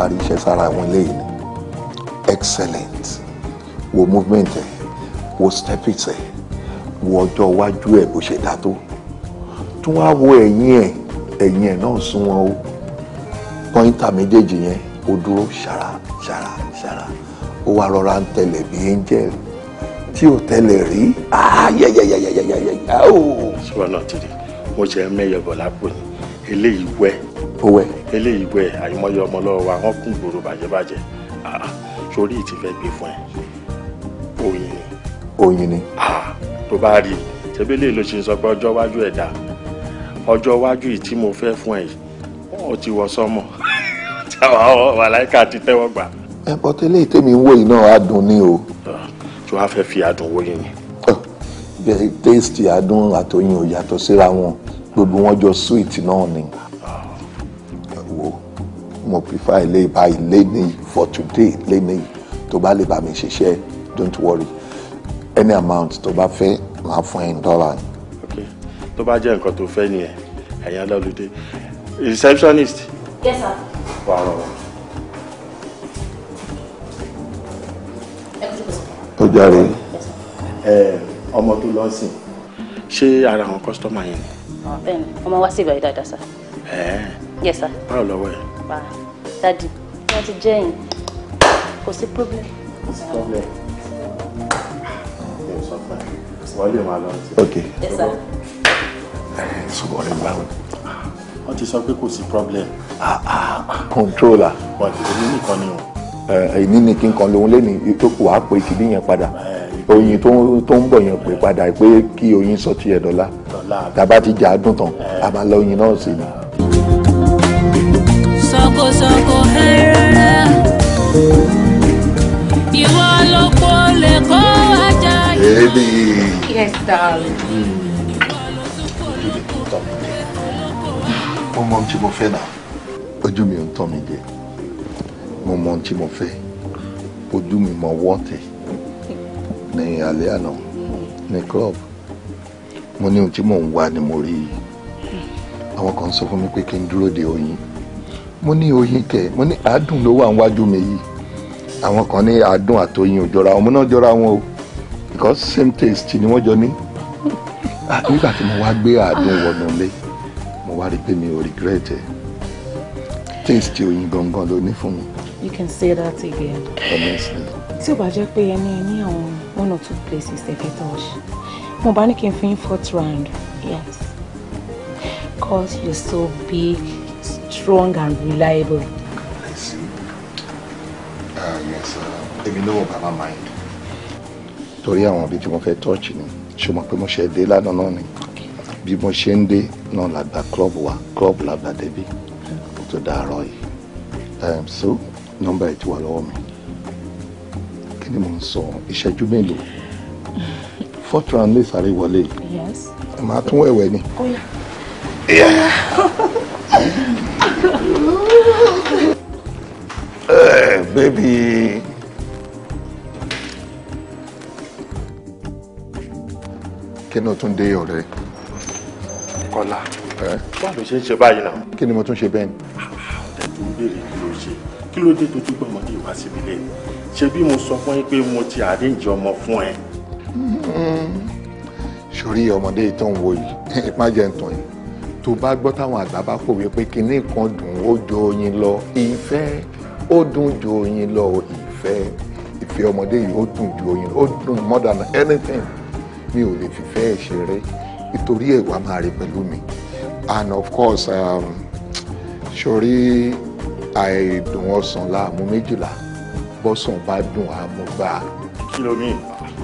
parí iṣẹ́ sára àwọn eléyìí ni excellent wo movement ẹ̀ wo step it ẹ̀ wo ọjọ́ iwájú ẹ̀ bó ṣe dá tó tún wá wo ẹ̀yìn ẹ̀ ẹ̀yìn ẹ̀ náà sún wọn o pọ́ńtà méjèèjì yẹn ó dúró ṣàrà ṣàrà ṣàrà ó wá rọra ń tẹ̀lẹ̀ bí angel tí ò tẹ̀lẹ̀ rí ah, o. sọ́wọ́n náà ti rí mo jẹ́ mẹ́yọ̀bọ̀ lápò ní eléyìí wẹ́ owẹ́ eléyìí wẹ́ àìmọye ọmọ lọ́wọ́ wa wọ́n kún gbòòrò bàjẹ́bàjẹ́ ah, sórí ìtì fẹ́ gbé fún ẹ oyin ni. oyin ni. Ah, tó bá rí i ṣebí eléyìí ló ṣe ń sọ pé ọjọ́ iwájú ẹ̀dá ọjọ́ iwájú yìí tí mo fẹ́ fún ẹ yìí ó ti wọ sọmọ <laughs> táwọn màláìka ti tẹ́wọ́ gbà. ẹ bọ́tẹ́ ilé ìtẹ́mi wò yìí náà adùn ni o. tí wàá fẹ́ fi adùn wò yìí ni. bẹ́ẹ̀ téèsì adùn àtọyìn ò yàtọ̀ síra wọn gbogbo wọn jọ sweet náà ni. wo mo prefer ilé ìbá ilé ní for today ilé ní tó bá lè bá mi ṣiṣẹ́ don't worry any amount tó bá fẹ́ máa fún ẹ ń dọ́là. tó bá jẹ́ nǹkan tó fẹ́ nìyẹn ẹ̀yin ọlọ́lùdé receptionist. yes sir. wà á rọrùn. ó jàre ọmọ tó lọ sìn ṣé ara àwọn kọ́sítọ́mà yẹn ni. Ah, bẹ́ẹ̀ ni ọmọ wa sì bẹ̀rẹ̀ dáadáa sá. ẹ̀ẹ́ yes sir. báwo lọ́wọ́ ẹ̀. wà á dadi bí wọ́n ti jẹ́ yìí kò sí problem. kò sí problem. ok. yes sir so ọ̀rẹ́ báwo. wọ́n ti sọ pé kò sí problem. Ah, ah. controller. èmi nìkan ni o. èyí ni kan lòun lẹ́nu tó kù wá pé kìdí yẹn padà oyin tó ń bọ̀ yẹn pé padà pé kí oyin sọ tiẹ̀ dọ́là tàbá ti jà á dùn tán a máa lọ oyin náà sí ni. sọkosọko ẹrẹ ìwọ ló kó lè kó ajá yìí. yes darling. Mm. mo mọ ohun tí mo fẹ́ náà ojú mi ò ń tọ́ mi jẹ mo mọ ohun tí mo fẹ́ ojú mi mọ wọ́ọ̀tẹ̀ ní alẹ́ àná ní club mo ní ohun tí mò ń wá ni mo rí i àwọn kan sọ fún mi pé kí n dúró de oyin mo ní oyin kẹ mo ní àádùn ló wà níwájú mi yìí àwọn kan ní àádùn àtọyìn ò jọra wọn náà jọra wọn o because same taste ni wọ́n jọ ní ah, nígbà tí mo wá gbé àádùn wọnú ilé mo wá rí pé mi ò regret ẹ things tí oyin gangan ló ní fún mi. you can say that again. honestly. tí ò bá jẹ́ pé ẹ ní ní àwọn one or two places ẹ fẹ́ touch mo bá ní kí n fi fourth round yes cause you're so big strong and reliable. I see. Uh, yes, èmi ló wọ̀ bàbá mind. torí àwọn ibi tí mo fẹ́ touch ni ṣùgbọ́n pé mo ṣe dé lánàá náà ni bí mo ṣe ń dé náà la gba club wa club la gba débi kó tó dàárọ̀ yìí ehm, so nọ́mbà ẹ̀ ti wà lọ́wọ́ mi kí ni mo ń sọ ìṣẹ́jú mélòó fourth round lè sáré wọlé ẹ máa tún wẹ̀wẹ̀ ni. Eh, baby. kí ni o tún dé ọ̀rẹ́. Kọ́lá báwo ló ṣe ń ṣe báyìí náà. kí ni mo tún ṣe bẹ́ẹ̀ ni. ọ̀dẹ̀ tó ń kí ló ṣe kí ló dé tó gbọ́mọ ní ìwà síbi lé ni bí mo sọ fún yín pé mo ti àríǹjì ọmọ fún ẹ. Hmm. sórí ọmọdé tó ń wo yìí <laughs> má jẹ́ ń tàn yìí tó bá gbọ́ táwọn àgbà bá pò wípé kinní kan dùn ó jọ oyin lọ ìfẹ́ ó dùn jọ oyin lọ ìfẹ́ ìfẹ́ ọmọdé yìí ó dùn jọ oyin lọ ó dùn more than anything mi ò lè fìfẹ́ ẹ̀ ṣeré nítorí ẹ̀ wá máa rí pẹ̀lú mi and of course um, sori àìdùn ọsàn láàmú méjìlá bọ́sàn bá dùn àmú gbà á. kí ló ní.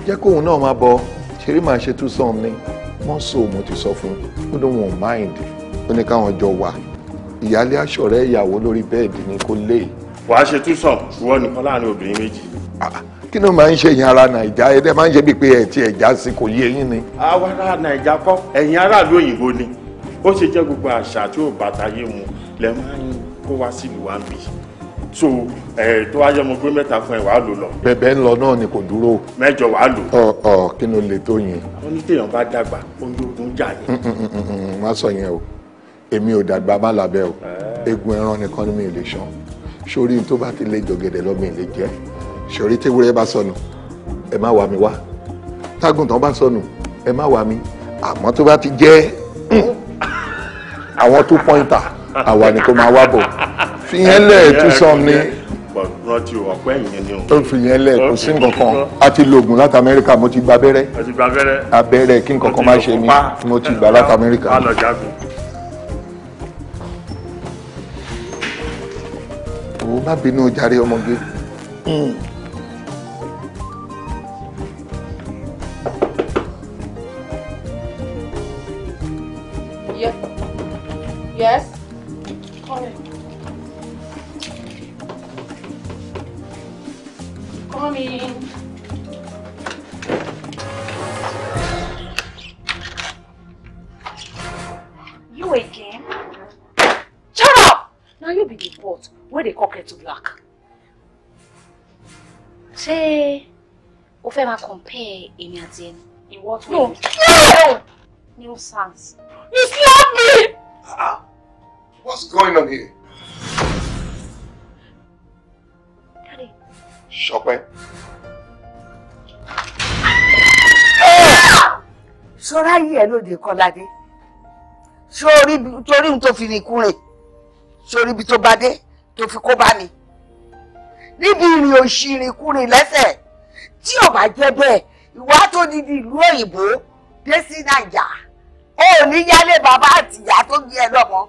jẹ́ kóun náà máa bọ ṣeré máa ṣe tú sàn ni wọ́n sọ òun ti sọ fún un ó dún mind ó ní káwọn jọ wà ìyáálé aṣọ̀rẹ́ ìyàwó lórí bẹ́ẹ̀dì ni kò lè. wàá ṣe tú sàn wọ́n nìkan láàrin obìnrin méjì. Ah, kí ló máa ń ṣe ìyẹn ara nàìjà ẹdẹ máa ń ṣe bíi pé ẹtì ẹjà sí kò yé yín ni. àwa ará nàìjà kọ́ ẹ̀yin aráàlú òyìnbó ni ó ṣe jẹ́ gbogbo àṣà tí ò bàtà yé mu lẹ máa ń kó wá sílùú wa ń bì so ẹ tó wáyé mo gbé mẹ́ta fún ẹ wàá lò lọ. bẹ̀bẹ̀ ń lọ náà ni kò dúró. mẹ́jọ wàá lò. ọ ọ kí ló lè tó yẹn. wọ́n ní téèyàn bá dàgbà ológun jà ní. Mm, mm, mm, má sọ yẹn o èmi ò dàgbà má làbẹ́ o egun ẹran nìkan ni mi ò lè ṣan sórí tó bá ti lé jọ̀gẹ̀dẹ̀ lọ́gbìn lè jẹ́ ṣòrí tewúrẹ́ bá sọnù ẹ má wà mí wá tágùntàn bá sọnù ẹ má wà mí àmọ́ tó bá ti jẹ́ hmm, àwọn two pointer àwa ni kò máa wá bọ̀ fi yẹn lẹ̀ tú sàn ni o fi yẹn lẹ̀ kò sí nǹkan kan a ti lo oògùn láti amẹ́ríkà mo ti gba abẹ́rẹ́ abẹ́rẹ́ kí nǹkan kan má ṣe mí mo ti gbà láti amẹ́ríkà. òun má bínú jàre ọmọge. Hmm. ṣé o fẹ́ máa compare èmi àti ẹni. ìwọ tó no new sounds. you slap me. ah, what's going on here. Daddy. Ṣọpẹ́. ṣọ́ra yìí ẹ̀ lóde kọ́ládé ṣórí torí tó fi rìn kúrìn ṣórí ibi tó bá dé fi kó bá mi níbi ìrìn òṣìrìnkurìn lẹ́sẹ̀ tí ò bá jẹ́ bẹ́ẹ̀ ìwà tó didi ìlú òyìnbó dé sí nàìjà ó ní yálé bàbá àtìyá tó gbé ẹ lọ́mọ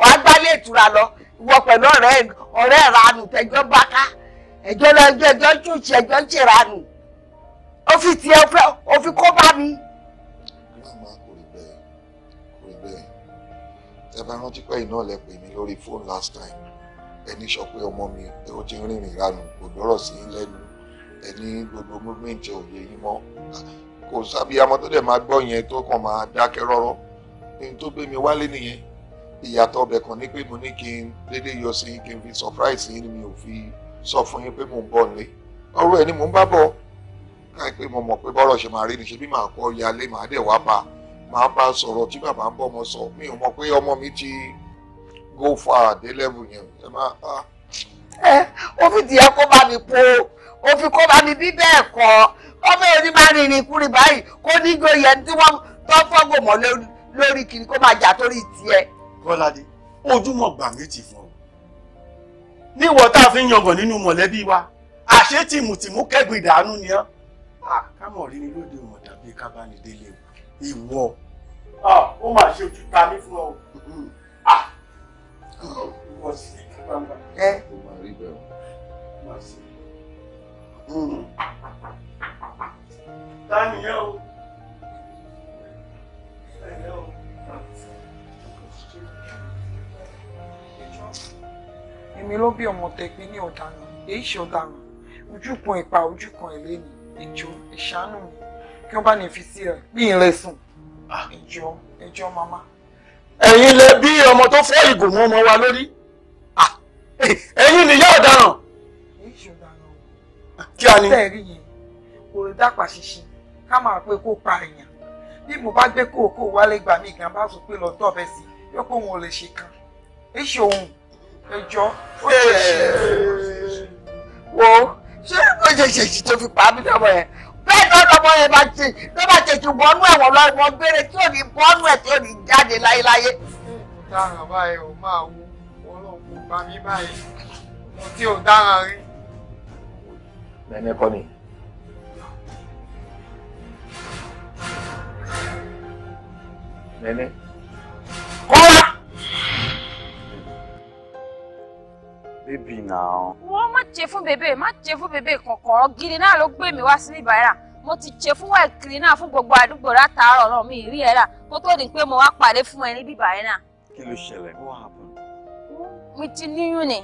wàá gbálé ìtura lọ ìwọ pẹ̀lú ọ̀rẹ́ ọ̀rẹ́ ìranù tẹjọ́ bá ká ẹjọ́ lọ́jọ́ ẹjọ́ ṣùṣì ẹjọ́ ṣèranù ó fi tiẹ̀ ó fi kó bá mi. màmá kò rí bẹ́ẹ̀ kò rí bẹ́ẹ̀ ẹ bá rántí pé iná lẹ pè mí lórí fóònù last time ẹni sọ pé ọmọ mi ó ti rìnrìn ìranù kò lọ́rọ̀ sí lẹ́nu ẹni gbogbo movement òye yín mọ́ kò sábì amọ tó dẹ̀ máa gbọ́ yẹn tó kàn máa dákẹ́ rọ́rọ́ ní tó gbé mi wálé nìyẹn ìyàtọ̀ ọbẹ̀ kan ní pé mo ní kí n dédé yọ sí kí n fi surprise yín ni mi ò fi sọ fún yín pé mò ń bọ̀ nílé ọ̀rọ̀ ẹ̀ ni mò ń bá bọ̀ káì pé mo mọ̀ pé bọ́rọ̀ ṣe máa rí ni ṣe bí màá kọ́ yalé màá dẹ̀ wá bá màá bá sọ̀rọ̀ tí bàbá ń bọ́ ọmọ sọ mi ò mọ̀ pé ọmọ mi ti go far dé lẹ́bù yẹn ẹ máa bá. ẹ ó fi tiẹ̀ kó bá mi po ó fi kó bá mi bí bẹ́ẹ̀ kọ́ ó fẹ́ oní máa rìnrìn kúrin báyìí kó ní gbòòyẹ tí wọ́n tó fọ́gò mọ́ lórí kiri kó máa jà torí tiẹ̀. Kọ́ládé ojúmọ̀ gbà méjì fún ọ níwọ̀ tá a fi ń yangàn nínú mọ̀lẹ́bí wa àṣé tìmùtìmù kẹ́gbìn dànù ni ọ́ ah, kámọ̀ rí ni lóde ìmọ̀ tàbí kábánidélé ìwọ ah, ó mà ṣe ojú ta mí fún ọ wọ́n sì kí bàbá. ẹ o máa rí bẹ́ẹ̀ o o. èmi ló bí ọmọ tẹ pé ní ọ̀daràn èyí ṣe ọ̀daràn ojú kan ìpa ojú kan ìlénì ìjọ ìṣàánú mi kí wọ́n bá ní fi sí ẹ̀ bí ìrẹsùn ìjọ ah. ìjọ màmá ẹ̀yin lẹ bí ọmọ tó fọ́ ìgò mọ́ ọmọ wa lórí ah, ẹ̀yin nìyá ọ̀daràn. kí a ní. tẹ́ẹ̀rí yẹn kò dápà ṣinṣin ká máa pé kó pa èèyàn bí mo bá gbé kóòkó wálé gbà mí gan bá sọ pé lọ tọ́ bẹ́ẹ̀ sí yóò pé òun ò lè ṣe kan èṣù òun ẹjọ́ ó ṣe é. wo ṣé ó ṣe ṣèṣì tó fi pa á bí dábọ̀ yẹn bẹ́ẹ̀ náà lọ́mọ yẹn bá ti tó bá tètè bọ́nú ẹ̀wọ̀n lọ ìwọ̀n gbére tí ò ní bọ́nú ẹ̀ tí ò ní jáde láéláyé. dára báyìí ò máa kọ́ ni. Baby, now. Wọ́n má ṣe fún bèbè, má ṣe fún bèbè kọ̀ọ̀kan. Gidi náà ló gbé mi wá sí ìbára. Mo ti ṣe fún ẹ̀kiri náà fún gbogbo àdúgbò látàárọ̀ náà mi rí ẹ rà kó tó di pé mo wá pàdé fún ẹ ní bíbáyé náà. Kí ló ṣẹlẹ̀? What happened? Mi ti níyùn ni.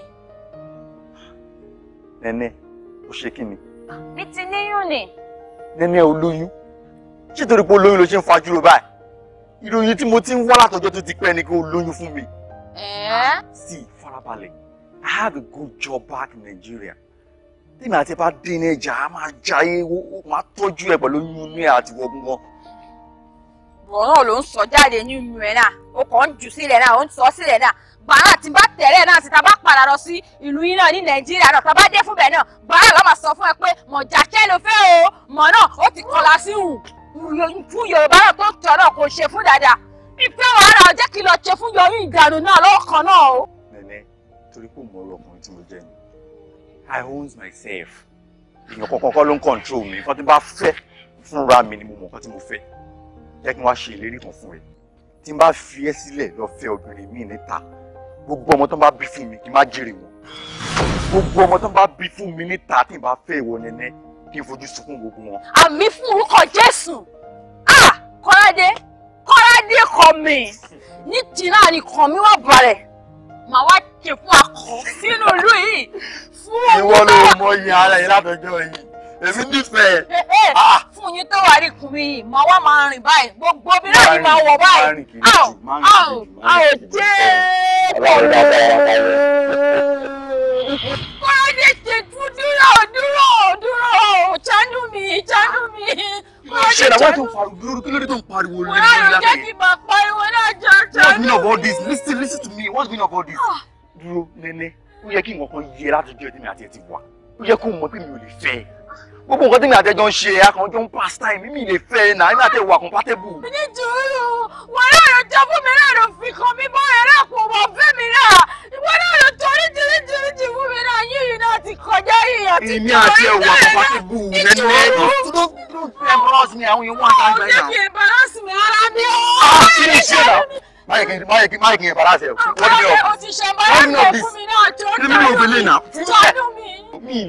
Nẹ́nẹ́, o ṣe kí ni? Mi ti níyùn ni. Nẹ́nẹ́ olóyún. Ṣé torí pé olóyún ló ṣe ń fajúro báyìí? Ìròyìn tí mo ti ń wá látọjọ́ tó ti pẹ́ ni kí o lóyún fún mi. Ẹ̀ẹ́. Sì, farabalẹ̀. I have a good job back in Nigeria tèmi àti bá dín ní ẹja a máa jayé ó máa tọ́jú ẹ pẹ̀lú yúnú ẹ àti wọgbọ́n. bọ̀rọ̀ ló ń sọ jáde nínú ẹ náà ó kàn ń jù sílẹ̀ náà ó ń sọ sílẹ̀ náà gbàrà tí bá tẹ̀lé náà síta bá padà lọ sí ìlú yín náà ní nàìjíríà náà tá bá dé fún bẹ́ẹ̀ náà gbàrà ló máa sọ fún ẹ pé mọ̀jà kẹ́ ló fẹ́ o mọ̀ náà ó ti kọlà sí hù fún yorùbá náà tó tọ̀ náà kò ṣe fún torí kò mọ ọ̀rọ̀ ọkùnrin tí mo jẹ́ ni i owns myself èèyàn kankan kọ́ ló ń control mi nǹkan tí bá fẹ́ fúnra mi ni mo mọ̀ nǹkan tí mo fẹ́ jẹ́ kí wọ́n ṣe ìlérí kan fún ẹ tí n bá fi ẹ́ sílẹ̀ lọ fẹ́ obìnrin míì níta gbogbo ọmọ tó ń bá bí fún mi kí n má jèrè wọn gbogbo ọmọ tó ń bá bí fún mi níta tí n bá fẹ́ ìwọ nẹnẹ kí n fojú sunkún gbogbo wọn. àmì fún orúkọ jésù ah kọ́ládé kọ́ládé kọ́ mi ní tìǹà ni kọ́ mi wà bàrẹ̀ màá wá òkè fún akọ sínú ìlú yìí fún òun. ìwọ ló mọ iye ara yìí látọjọ́ yìí èmi nífẹ̀ẹ́. Eh, eh, ah! fún yín tó wà rí kùnrin yìí màá wá máa rìn báyìí gbogbo bí náà yìí máa wọ̀ báyìí a ò a ò jẹ́ kọ́lá ní ṣètú dúró dúró dúró chánú mi chánú mi. ṣé ìdáwọ́ tó ń pariwo dúró kí ló dé tó ń pariwo lórí ìlànà yẹn. wọ́n á jẹ́ kí n máa pariwo náà jẹ́ chánú mi. what's been of all this listen listen to me what's been of all this. Ah! dúró nẹ́nẹ́ ó yẹ kí nǹkan yẹ láti jẹ́ tèmi àti ẹ̀ ti wà ó yẹ kó mọ̀ pé mi ò lè fẹ́ ẹ gbogbo nǹkan tèmi àtẹjọ ń ṣe akànjọ ń pass time mi lè fẹ́ ẹ náà èmi àtẹ wà compatible. mi ní jùlọ wọn náà lọ jẹ fún mi náà lọ fi kan mi bọ́ ẹ̀rọ kò wọ́n fẹ́ mi náà ìwọ náà lọ torí jìnnì jìnnì jì fún mi náà yíyí náà ti kọjá yìí àti ìjọba ìjọba èmi àti ẹwà compatible nínú ẹ̀rọ tó tó embarrass mi àwọn yẹn wọ́n àtàgbà yẹn. ó jẹ́ kí embarrass mi ara mi ó. àti ah, ìṣẹ̀lẹ̀ máyé kí n bàrà ṣe o. ọ̀rẹ́ o ti ṣe báyọ̀ pé fún mi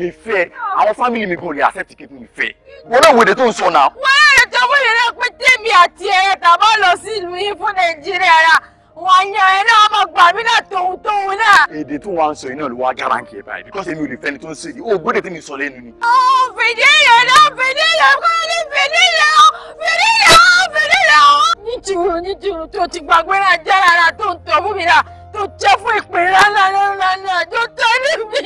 náà àwọn fámìlì mi kò lè accept kí mi fẹ́ wọn náà wèdè tó ń sọ náà. wọ́n á rẹ̀ tó fún ìrẹ́pẹ́ tèmi àti ẹ̀rẹ́ tàbá lọ sí ìlú yìí fún nàìjíríà rà wọ́n yan ẹ náà ọmọ gbà mí náà tòun tòun náà. èdè tó wàá ń sọ yìí náà ló wá gàránkì ẹ báyìí bíkọ́sì èmi ò lè fẹ́ni tó ń ṣe yìí ó gbọ́dọ̀ tí mi sọ lẹ́nu ni. ó oh, fìdílé náà fìdílé kọ́ oh, oh, ní fìdílé ó fìdílé ó fìdílé ó. nítorí nítorí tó ti gbàgbé náà jẹ́ ara tó ń tọ́ fún mi náà tó jẹ́ fún ìpè rárá rárá náà tó tẹ́ ní mi.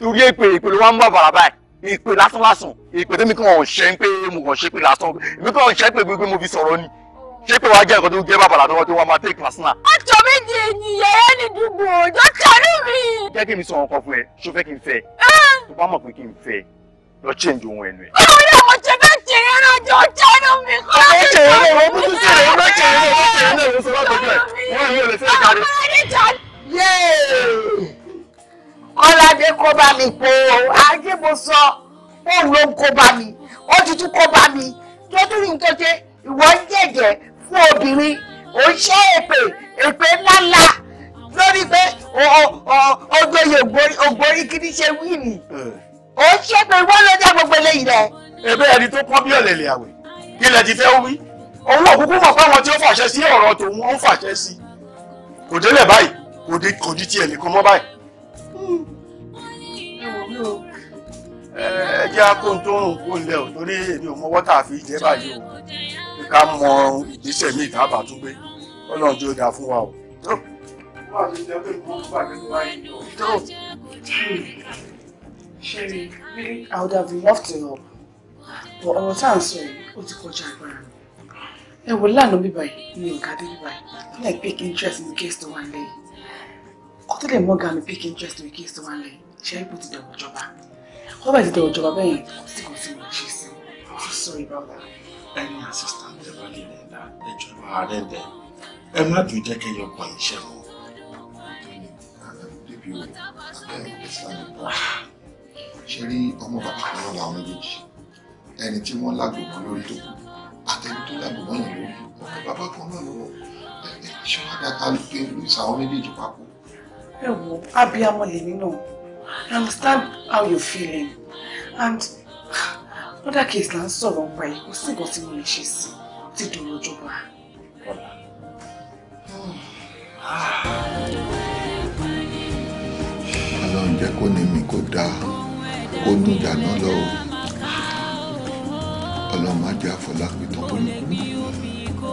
torí èpè èpè ló wá ń bá bàrà báyìí ìpè lásán lásán ìpè tẹ́mi kàn ṣe ń pé mo kàn ṣe pé lásán èmi kàn ṣe pé gbogbo mo fi sọ̀rọ̀ ni ṣé pé wàá jẹ́ nǹkan tó jẹ́ bàbàrà tó wọ́n wọ́n máa take personal. ó jọ mí di ènìyàn ẹ ní dùgbò òjò tẹ̀lé mi. jẹ́ kí mi sọ nǹkan fún ẹ ṣó fẹ́ kí n fẹ́ tó bá mọ̀ pé kí n fẹ́ lọ change ohun ẹnu ẹ. báwo ni àwọn ṣe fẹ́ ṣe eré ọjọ́ tẹ̀lé mi kọ́ ọ́ kọ́ bá mi pé o, ayé òun ló ń kó bá mi, ó ti tún bá mi, tó tún ní nǹkan ṣe, ìwọ ń jẹ̀jẹ̀, fún obìnrin ò ń ṣe èpè èpè ńláńlá lórí pé ọgbẹ́yẹ ògbórí kì í ṣe wíìlì ò ń ṣe pé wọ́n ló dá gbogbo eléyìí rẹ̀. ẹbẹ ẹni tó pọ́n bí ọ̀lẹ̀lẹ̀ àwẹ̀ kí lẹ ti fẹ́ wí owó òkúkú mọ̀ fáwọn tí ó fàṣẹ sí ọ̀rọ̀ tòun ó ń fàṣẹ sí kò délẹ̀ báyìí kò di kò di tiẹ̀ nìkan mọ́ báyìí. ẹ jẹ́ akóńtó ń kó ilẹ̀ ò torí èmi ò mọ wọ́tà fi jẹ́ báyìí o ká mọ ìgbésẹ̀ ní ìdábà tó gbé ọlọ́run tí ó dáa fún wa o. I would have loved to help but ọ̀rọ̀ tá à ń sọ yìí ó ti kọjá agbára mi ẹ wò lánàá bíbá yìí ní ọ̀gá dé bíbá yìí fún like big interest in the case tó wà lẹ́yìn kó tó lè mọ́gà mi big interest in the case tó wà lẹ́yìn ṣe é kó ti dẹ̀wọ̀ ìjọba kó bá ti dẹ̀wọ̀ ìjọba bẹ́ẹ̀ yẹn kó sì kó sì wọ́n ṣe sí I'm sorry about that any assistance tẹ́ bá lè rẹ̀ dá ẹjọ́ bá rẹ bẹ̀ ẹ má dùn jẹ́ kẹ́yọ pọ̀ iṣẹ́ mọ́. ṣe rí ọmọ bàbá náà làwọn méjèèjì ẹni tí wọ́n lágbègbè lórí tó kù àtẹni tó lágbègbè náà lórí ọmọ bàbá kan náà lọ́wọ́ ìṣọwọ́ dáká ló pé Louis àwọn méjèèjì papọ̀. ẹ wo abiyamọ lèmi náà I understand how you feeling and Another case là ń sọ̀rọ̀ ọ̀pá yìí kò sí nǹkan tí mo lè ṣe sí i ti dòrò ìjọba. ọlọ́run jẹ́ kó ní mi kó dáa kó dùn dáná lọ o ọlọ́run má jẹ́ àfọlápẹ́ tán kó ní kú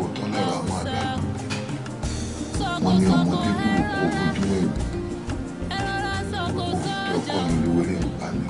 òótọ́ lára àwọn àgbàdo wọn ní ọmọdé kúrò kó ojú ẹ̀gbọ́n òótọ́ kọ́ mi lówó lè pa mí.